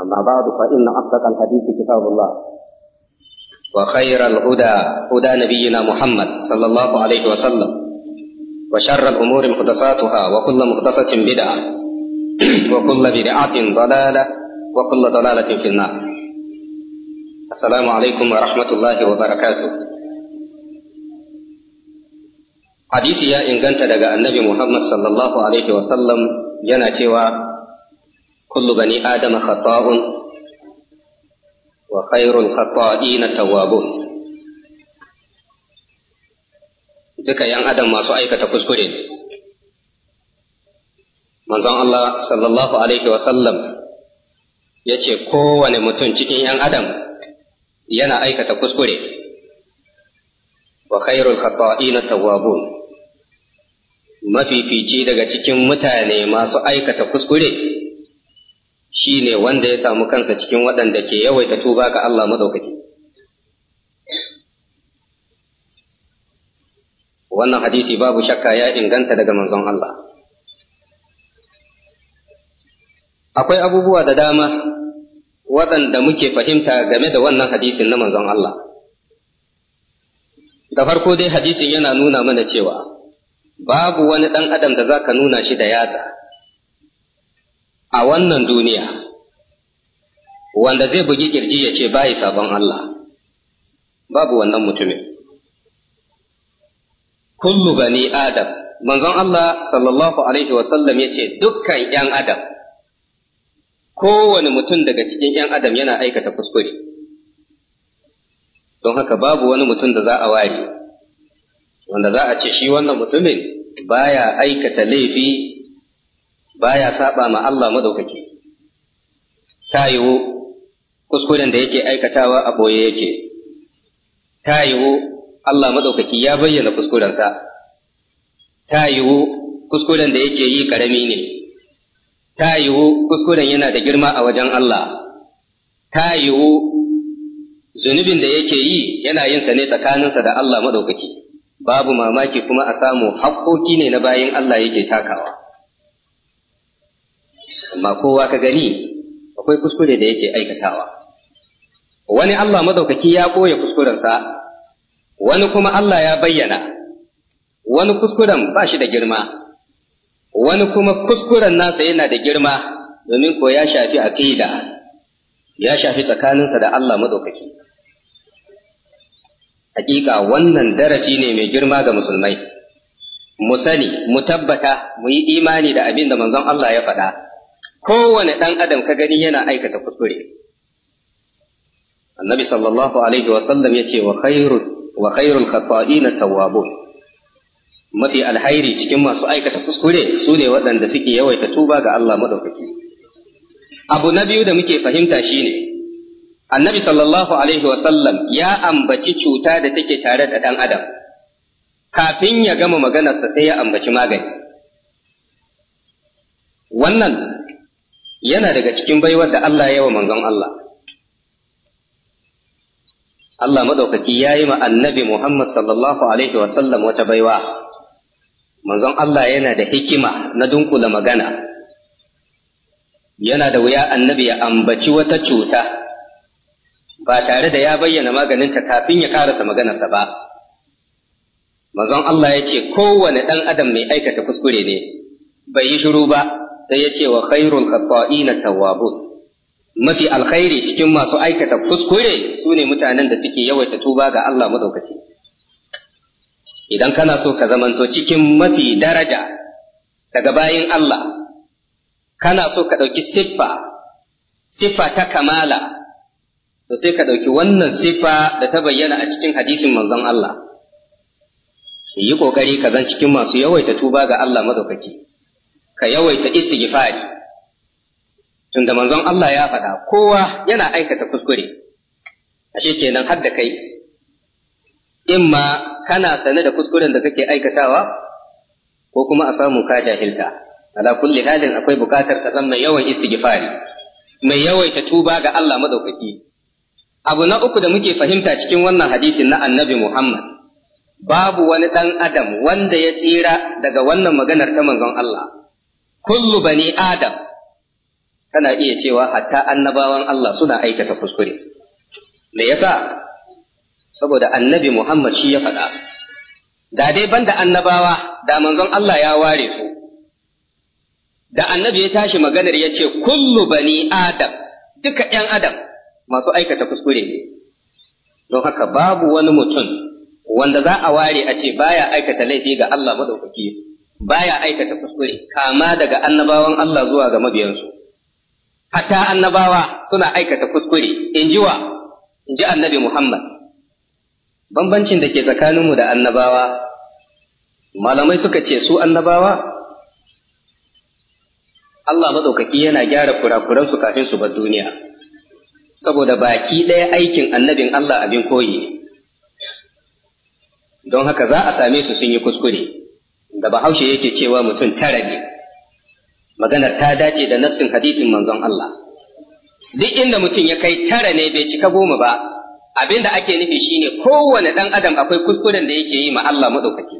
أما بعد فإن أصدق الحديث كتاب الله وخير الهدى هدى نبينا محمد صلى الله عليه وسلم وشر الأمور مقدساتها وكل مقدسة بدعة وكل بدعة ضلالة وكل ضلالة في النار السلام عليكم ورحمة الله وبركاته حديث يا إن كنت لقى النبي محمد صلى الله عليه وسلم ينا كل بني آدم خطاء وخير الخطائين التوابون duka ‘yan adam masu aikata kuskure manzon Allah sallallahu Alaihi wasallam ya ce kowane mutum cikin ‘yan adam yana aikata kuskure, wa khairul na tawwabun mafifici daga cikin mutane masu aikata kuskure shi ne wanda ya samu kansa cikin waɗanda ke yawaita tuba ga Allah maɗaukaki. Wannan hadisi babu shakka ya inganta daga manzon Allah. Akwai abubuwa da dama waɗanda muke fahimta game da wannan hadisin na manzon Allah. Da farko dai hadisin yana nuna mana cewa babu wani ɗan adam da za ka nuna shi da yatsa. a wannan duniya wanda zai bugi kirji ya ce bayi sabon Allah babu wannan mutumin kullu bani adam manzon Allah sallallahu alaihi wasallam ya ce dukkan ‘yan adam kowane mutum daga cikin ‘yan adam yana aikata kuskure don haka babu wani mutum da za a ware wanda za a ce shi wannan mutumin baya aikata laifi baya saba ma Allah madaukake ta yiwu kuskuren da yake aikatawa a boye yake ta yiwu Allah madaukaki ya bayyana kuskurensa ta yiwu kuskuren da yake yi karami ne ta yiwu kuskuren yana da girma a wajen Allah ta yiwu zunubin da yake yi yana yin sa ne tsakaninsa da Allah madaukaki babu mamaki kuma a samu haƙƙoƙi ne na bayin Allah yake takawa amma kowa ka gani akwai kuskure da yake aikatawa wani Allah madaukaki ya ɓoye kuskurensa wani kuma Allah ya bayyana wani kuskuren ba shi da girma wani kuma kuskuren nasa yana da girma domin ko ya shafi aqida ya shafi tsakaninsa da Allah madaukaki hakika wannan darasi ne mai girma ga musulmai mu sani mu tabbata mu yi imani da abin da manzon Allah ya faɗa kowane ɗan adam ka gani yana aikata kuskure annabi sallallahu alaihi wasallam ya ce wa khairul na tawabu? mafi alhairi cikin masu aikata kuskure su ne waɗanda suke yawaita tuba ga Allah madaukaki abu na biyu da muke fahimta shine annabi sallallahu alaihi wasallam ya ambaci cuta da take tare da ɗan adam kafin ya gama maganarsa sai ya ambaci magani wannan yana daga cikin baiwar da Allah ya wa manzon Allah Allah madaukaki ya yi ma annabi Muhammad sallallahu alaihi wasallam wata baiwa manzon Allah yana da hikima na dunkula magana yana da wuya annabi ya ambaci wata cuta ba tare da ya bayyana maganinta kafin ya karasa maganarsa ba manzon Allah ya ce kowane ɗan adam mai aikata kuskure ne bai yi shiru ba sai ya ce wa khairul khata'ina tawwabun mafi alkhairi cikin masu aikata kuskure su ne mutanen da suke yawaita tuba ga Allah madaukaki idan kana so ka zamanto cikin mafi daraja daga bayin Allah kana so ka ɗauki siffa siffa ta kamala to sai ka ɗauki wannan siffa da ta bayyana a cikin hadisin manzon Allah yi ƙoƙari ka zan cikin masu yawaita tuba ga Allah madaukaki ka yawaita istighfari tunda manzon Allah ya faɗa kowa yana aikata kuskure ashe kenan har da kai imma kana sane da kuskuren da kake aikatawa ko kuma a samu ka jahilta ala kulli halin akwai bukatar ka zama yawan istighfari mai yawaita tuba ga Allah madaukaki abu na uku da muke fahimta cikin wannan hadisin na annabi Muhammad babu wani ɗan adam wanda ya tsira daga wannan maganar ta manzon Allah kullu bani adam kana iya cewa hatta annabawan Allah suna aikata kuskure me yasa saboda annabi Muhammad shi ya faɗa da dai banda annabawa da manzon Allah ya ware su da annabi ya tashi maganar ya ce kullu bani adam duka ƴan adam masu aikata kuskure ne don haka babu wani mutum wanda za a ware a ce baya aikata laifi ga Allah maɗaukaki baya aikata kuskure kama daga annabawan Allah zuwa ga mabiyansu hatta annabawa suna aikata kuskure in ji wa in ji annabi Muhammad bambancin da ke tsakaninmu da annabawa malamai suka ce su annabawa Allah maɗaukaki yana gyara kurakuransu kafin su bar duniya saboda baki ɗaya aikin annabin Allah abin koyi ne don haka za a same su sun yi kuskure da bahaushe yake cewa mutum tara ne maganar ta dace da nassin hadisin manzon Allah duk inda mutum ya kai tara ne bai cika goma ba abinda da ake nufi shine kowane ɗan adam akwai kuskuren da yake yi ma Allah madaukake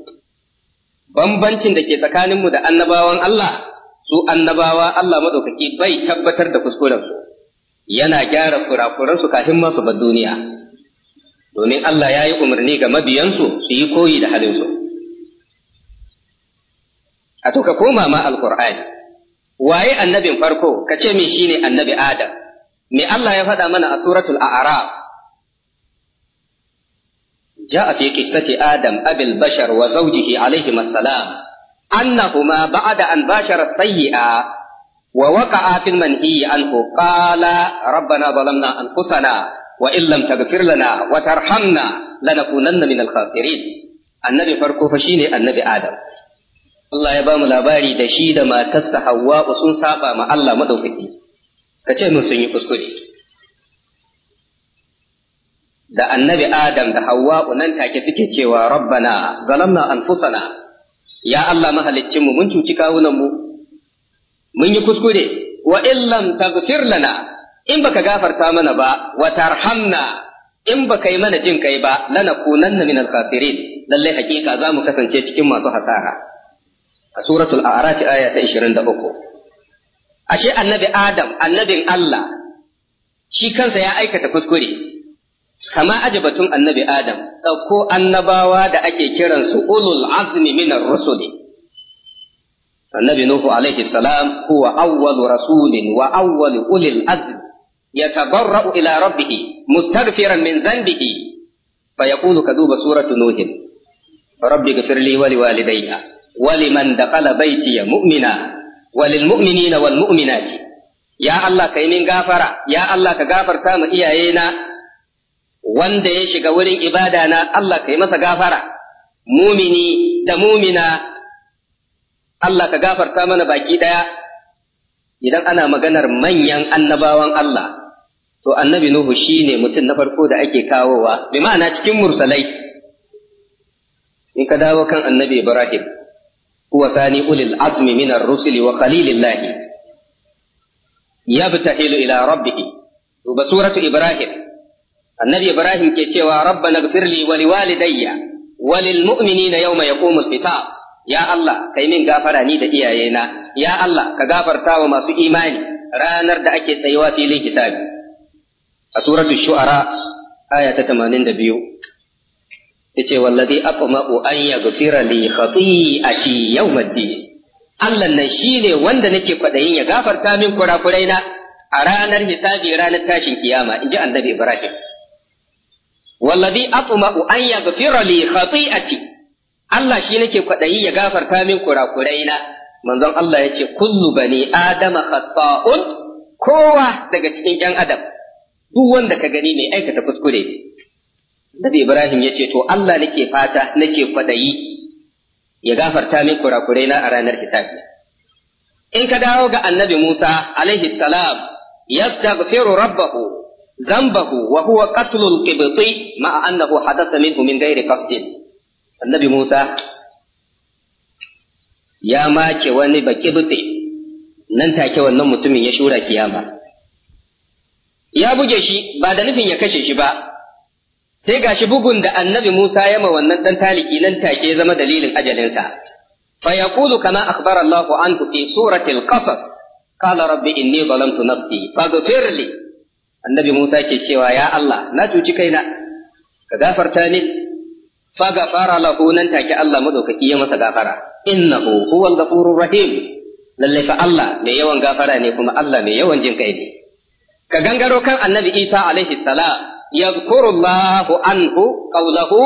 bambancin da ke tsakaninmu da annabawan Allah su annabawa Allah madaukake bai tabbatar da kuskuren kuskurensu yana gyara kurakuransu kafin su bar duniya domin Allah ya yi umarni ga mabiyansu su yi koyi da halin su. a to ka koma ma alkur'ani waye annabin farko ka ce min shine annabi adam me Allah ya faɗa mana a suratul a'raf ja'a fi qissati adam abil bashar wa zawjihi alayhi assalam annahuma ba'da an bashara sayyi'a wa waqa'a fil manhi anhu qala rabbana zalamna anfusana wa illam taghfir lana wa tarhamna lanakunanna minal khasirin annabi farko fa shine annabi adam Allah ya ba mu labari da shi da matarsa Hawwa sun saba ma Allah madaukaki ka ce mun sun yi kuskure da annabi Adam da Hawwa nan take suke cewa rabbana zalamna anfusana ya Allah mahaliccinmu mun cuci kawunan mu. mun yi kuskure wa illam taghfir lana in baka gafarta mana ba wa tarhamna in baka yi mana jin kai ba lana kunanna min alkhasirin lalle hakika za mu kasance cikin masu hasara a suratul a'raf aya ta 23 ashe annabi adam annabin Allah shi kansa ya aikata kuskure kama ajabatun annabi adam ɗauko annabawa da ake kiransu ulul azmi minar rusuli annabi nuhu alaihi salam huwa awwalu rasulin wa awwalu ulil azmi yatabarra'u ila rabbih mustaghfiran min dhanbihi فيقول كذوب سورة نوح رب اغفر لي ولوالدي waliman dakhala baitiya mu'mina walil mu'minina wal mu'minati ya Allah yi min gafara ya Allah ka gafarta mu iyayena wanda ya shiga wurin ibada na Allah ka yi masa gafara, mumini da mumina, Allah ka gafarta mana baki ɗaya, idan ana maganar manyan annabawan Allah, to annabi Nuhu shi ne mutum na farko da ake kawowa, bi ma'ana cikin mursalai, in ka dawo kan annabi Ibrahim. huwa sani ulil azmi min ar-rusuli wa qalilillah yabtahilu ila rabbih duba suratu ibrahim annabi ibrahim ke cewa rabbana ighfirli wa liwalidayya wa lil mu'minina yawma yaqumul hisab ya Allah kai min gafara ni da iyayena ya Allah ka gafarta wa masu imani ranar da ake tsayuwa filin hisabi a suratu shu'ara aya ta 82 yace wallazi aqma'u an yaghfira li khati'ati yawmiddin Allah nan shine wanda nake kwadayin ya gafarta min kurakurai na a ranar hisabi ranar tashin kiyama inji annabi Ibrahim wallazi aqma'u an yaghfira li khati'ati Allah shi nake kwadayi ya gafarta min kurakurai na manzon Allah yace kullu bani adama khata'un kowa daga cikin ƴan adam duk wanda ka gani mai aikata kuskure ne Nabi Ibrahim ya ce, To, Allah nake fata nake kwaɗayi ya gafarta min kurakurai na a ranar hisabi. In ka dawo ga annabi Musa, alaihi salam, yastaghfiru rabbahu zambahu wa huwa qatlul qibti ma'a annahu hadatha minhu min gairi qasdin. Annabi Musa ya make wani bakibti nan take wannan mutumin ya shura kiyama. Ya buge shi ba da nufin ya kashe shi ba, sai gashi bugun da annabi Musa ya ma wannan dan taliki nan take zama dalilin ajalinsa fa yaqulu kama akhbara Allahu anhu fi surati al-qasas qala rabbi inni zalamtu nafsi faghfir li annabi Musa ke cewa ya Allah na cuci kaina ka gafarta ni faghfara lahu nan take Allah madaukaki ya masa gafara innahu huwal ghafurur rahim lalle fa Allah mai yawan gafara ne kuma Allah mai yawan jin kai ne ka gangaro kan annabi Isa alaihi salam yadhkurullahu anhu ƙaulahu,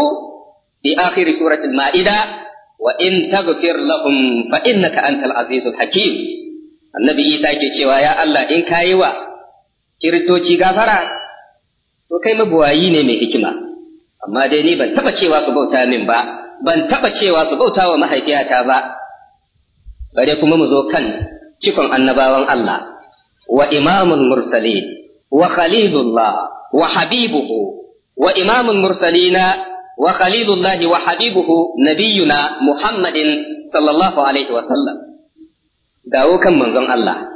bi akhir surati al-ma'ida wa in taghfir lahum fa innaka antal azizul hakim annabi ke cewa ya Allah in kayi wa kiristoci gafara to kai mabuwayi ne mai hikima amma dai ni ban taba cewa su bauta min ba ban taba cewa su bauta wa mahaifiyata ba Bari kuma mu zo kan cikon annabawan Allah wa imamul mursalin wa khalilullah wa habibuhu wa imamul mursalina wa khalilullahi wa habibuhu nabiyuna muhammadin sallallahu alaihi wa sallam dawo kan manzon Allah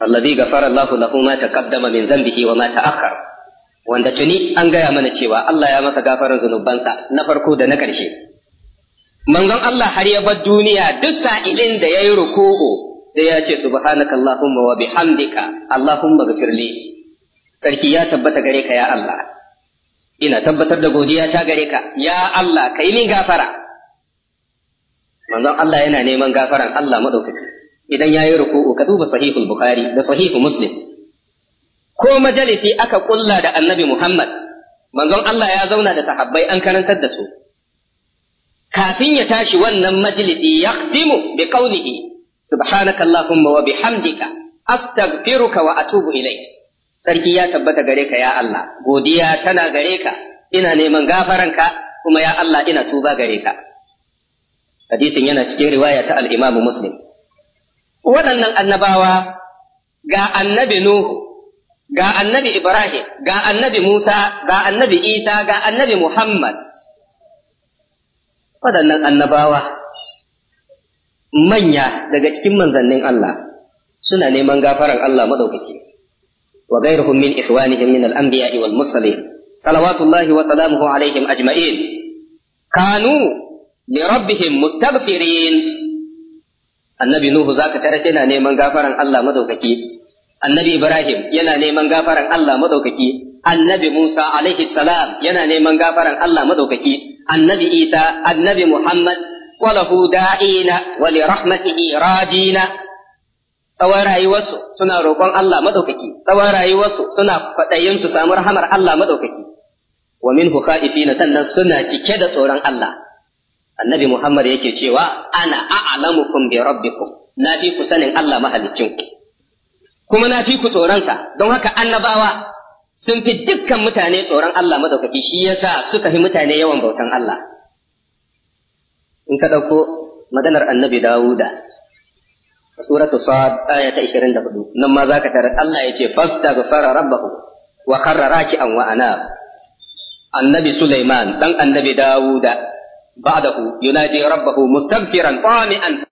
alladhi ghafara Allahu lahu ma taqaddama min zambihi ma wanda tuni an gaya mana cewa Allah ya masa gafaran zunubansa na farko da na ƙarshe manzon Allah har ya bar duniya duk sa'ilin da ya yi ruku'u sai ya ce subhanakallahumma wa bihamdika allahumma ghfirli Sarki ya tabbata gare ka ya Allah, ina tabbatar da godiya ta gare ka, ya Allah, ka yi min gafara. Manzon Allah yana neman gafaran Allah maɗaukaki, idan ya yi ruku'u ka duba sahihul Bukhari da sahihu Muslim. Ko majalisi aka ƙulla da annabi Muhammad, manzon Allah ya zauna da sahabbai an karantar da su. Kafin ya tashi wannan majalisi ya bi qawlihi subhanakallahumma wa bihamdika astaghfiruka wa atubu ilayk sarki ya tabbata gare ka ya Allah godiya tana gare ka ina neman gafaranka kuma ya Allah ina tuba gare ka hadisin yana cikin riwaya ta al-Imam Muslim waɗannan annabawa ga annabi Nuhu ga annabi Ibrahim, ga annabi Musa, ga annabi Isa, ga annabi Muhammad. Waɗannan annabawa manya daga cikin manzannin Allah suna neman gafaran Allah maɗaukaki. وغيرهم من إخوانهم من الأنبياء والمرسلين صلوات الله وسلامه عليهم أجمعين كانوا لربهم مستغفرين النبي نوح ذاك ترتنا نيمان غافرا الله مدوككي النبي إبراهيم ينا نيمان غافرا الله مدوككي النبي موسى عليه السلام ينا نيمان غافرا الله مدوككي النبي إيسى النبي محمد وله داعين ولرحمته راجين tsawon rayuwarsu suna roƙon Allah madaukaki tsawon rayuwarsu suna kwaɗayin su samu rahamar Allah madaukaki wa min na sannan suna cike da tsoron Allah annabi Muhammad yake cewa ana a'lamukum bi rabbikum na fi ku sanin Allah ku. kuma na fi ku tsoronsa don haka annabawa sun fi dukkan mutane tsoron Allah madaukaki shi yasa suka fi mutane yawan bautan Allah in ka ɗauko maganar annabi Dawuda suratu sad aya ta 24 nan ma zaka tare Allah yace fastaghfara rabbahu wa kharra raki'an wa ana annabi Suleiman, ɗan annabi Dawuda ba'dahu yunaji rabbahu mustaghfiran qami'an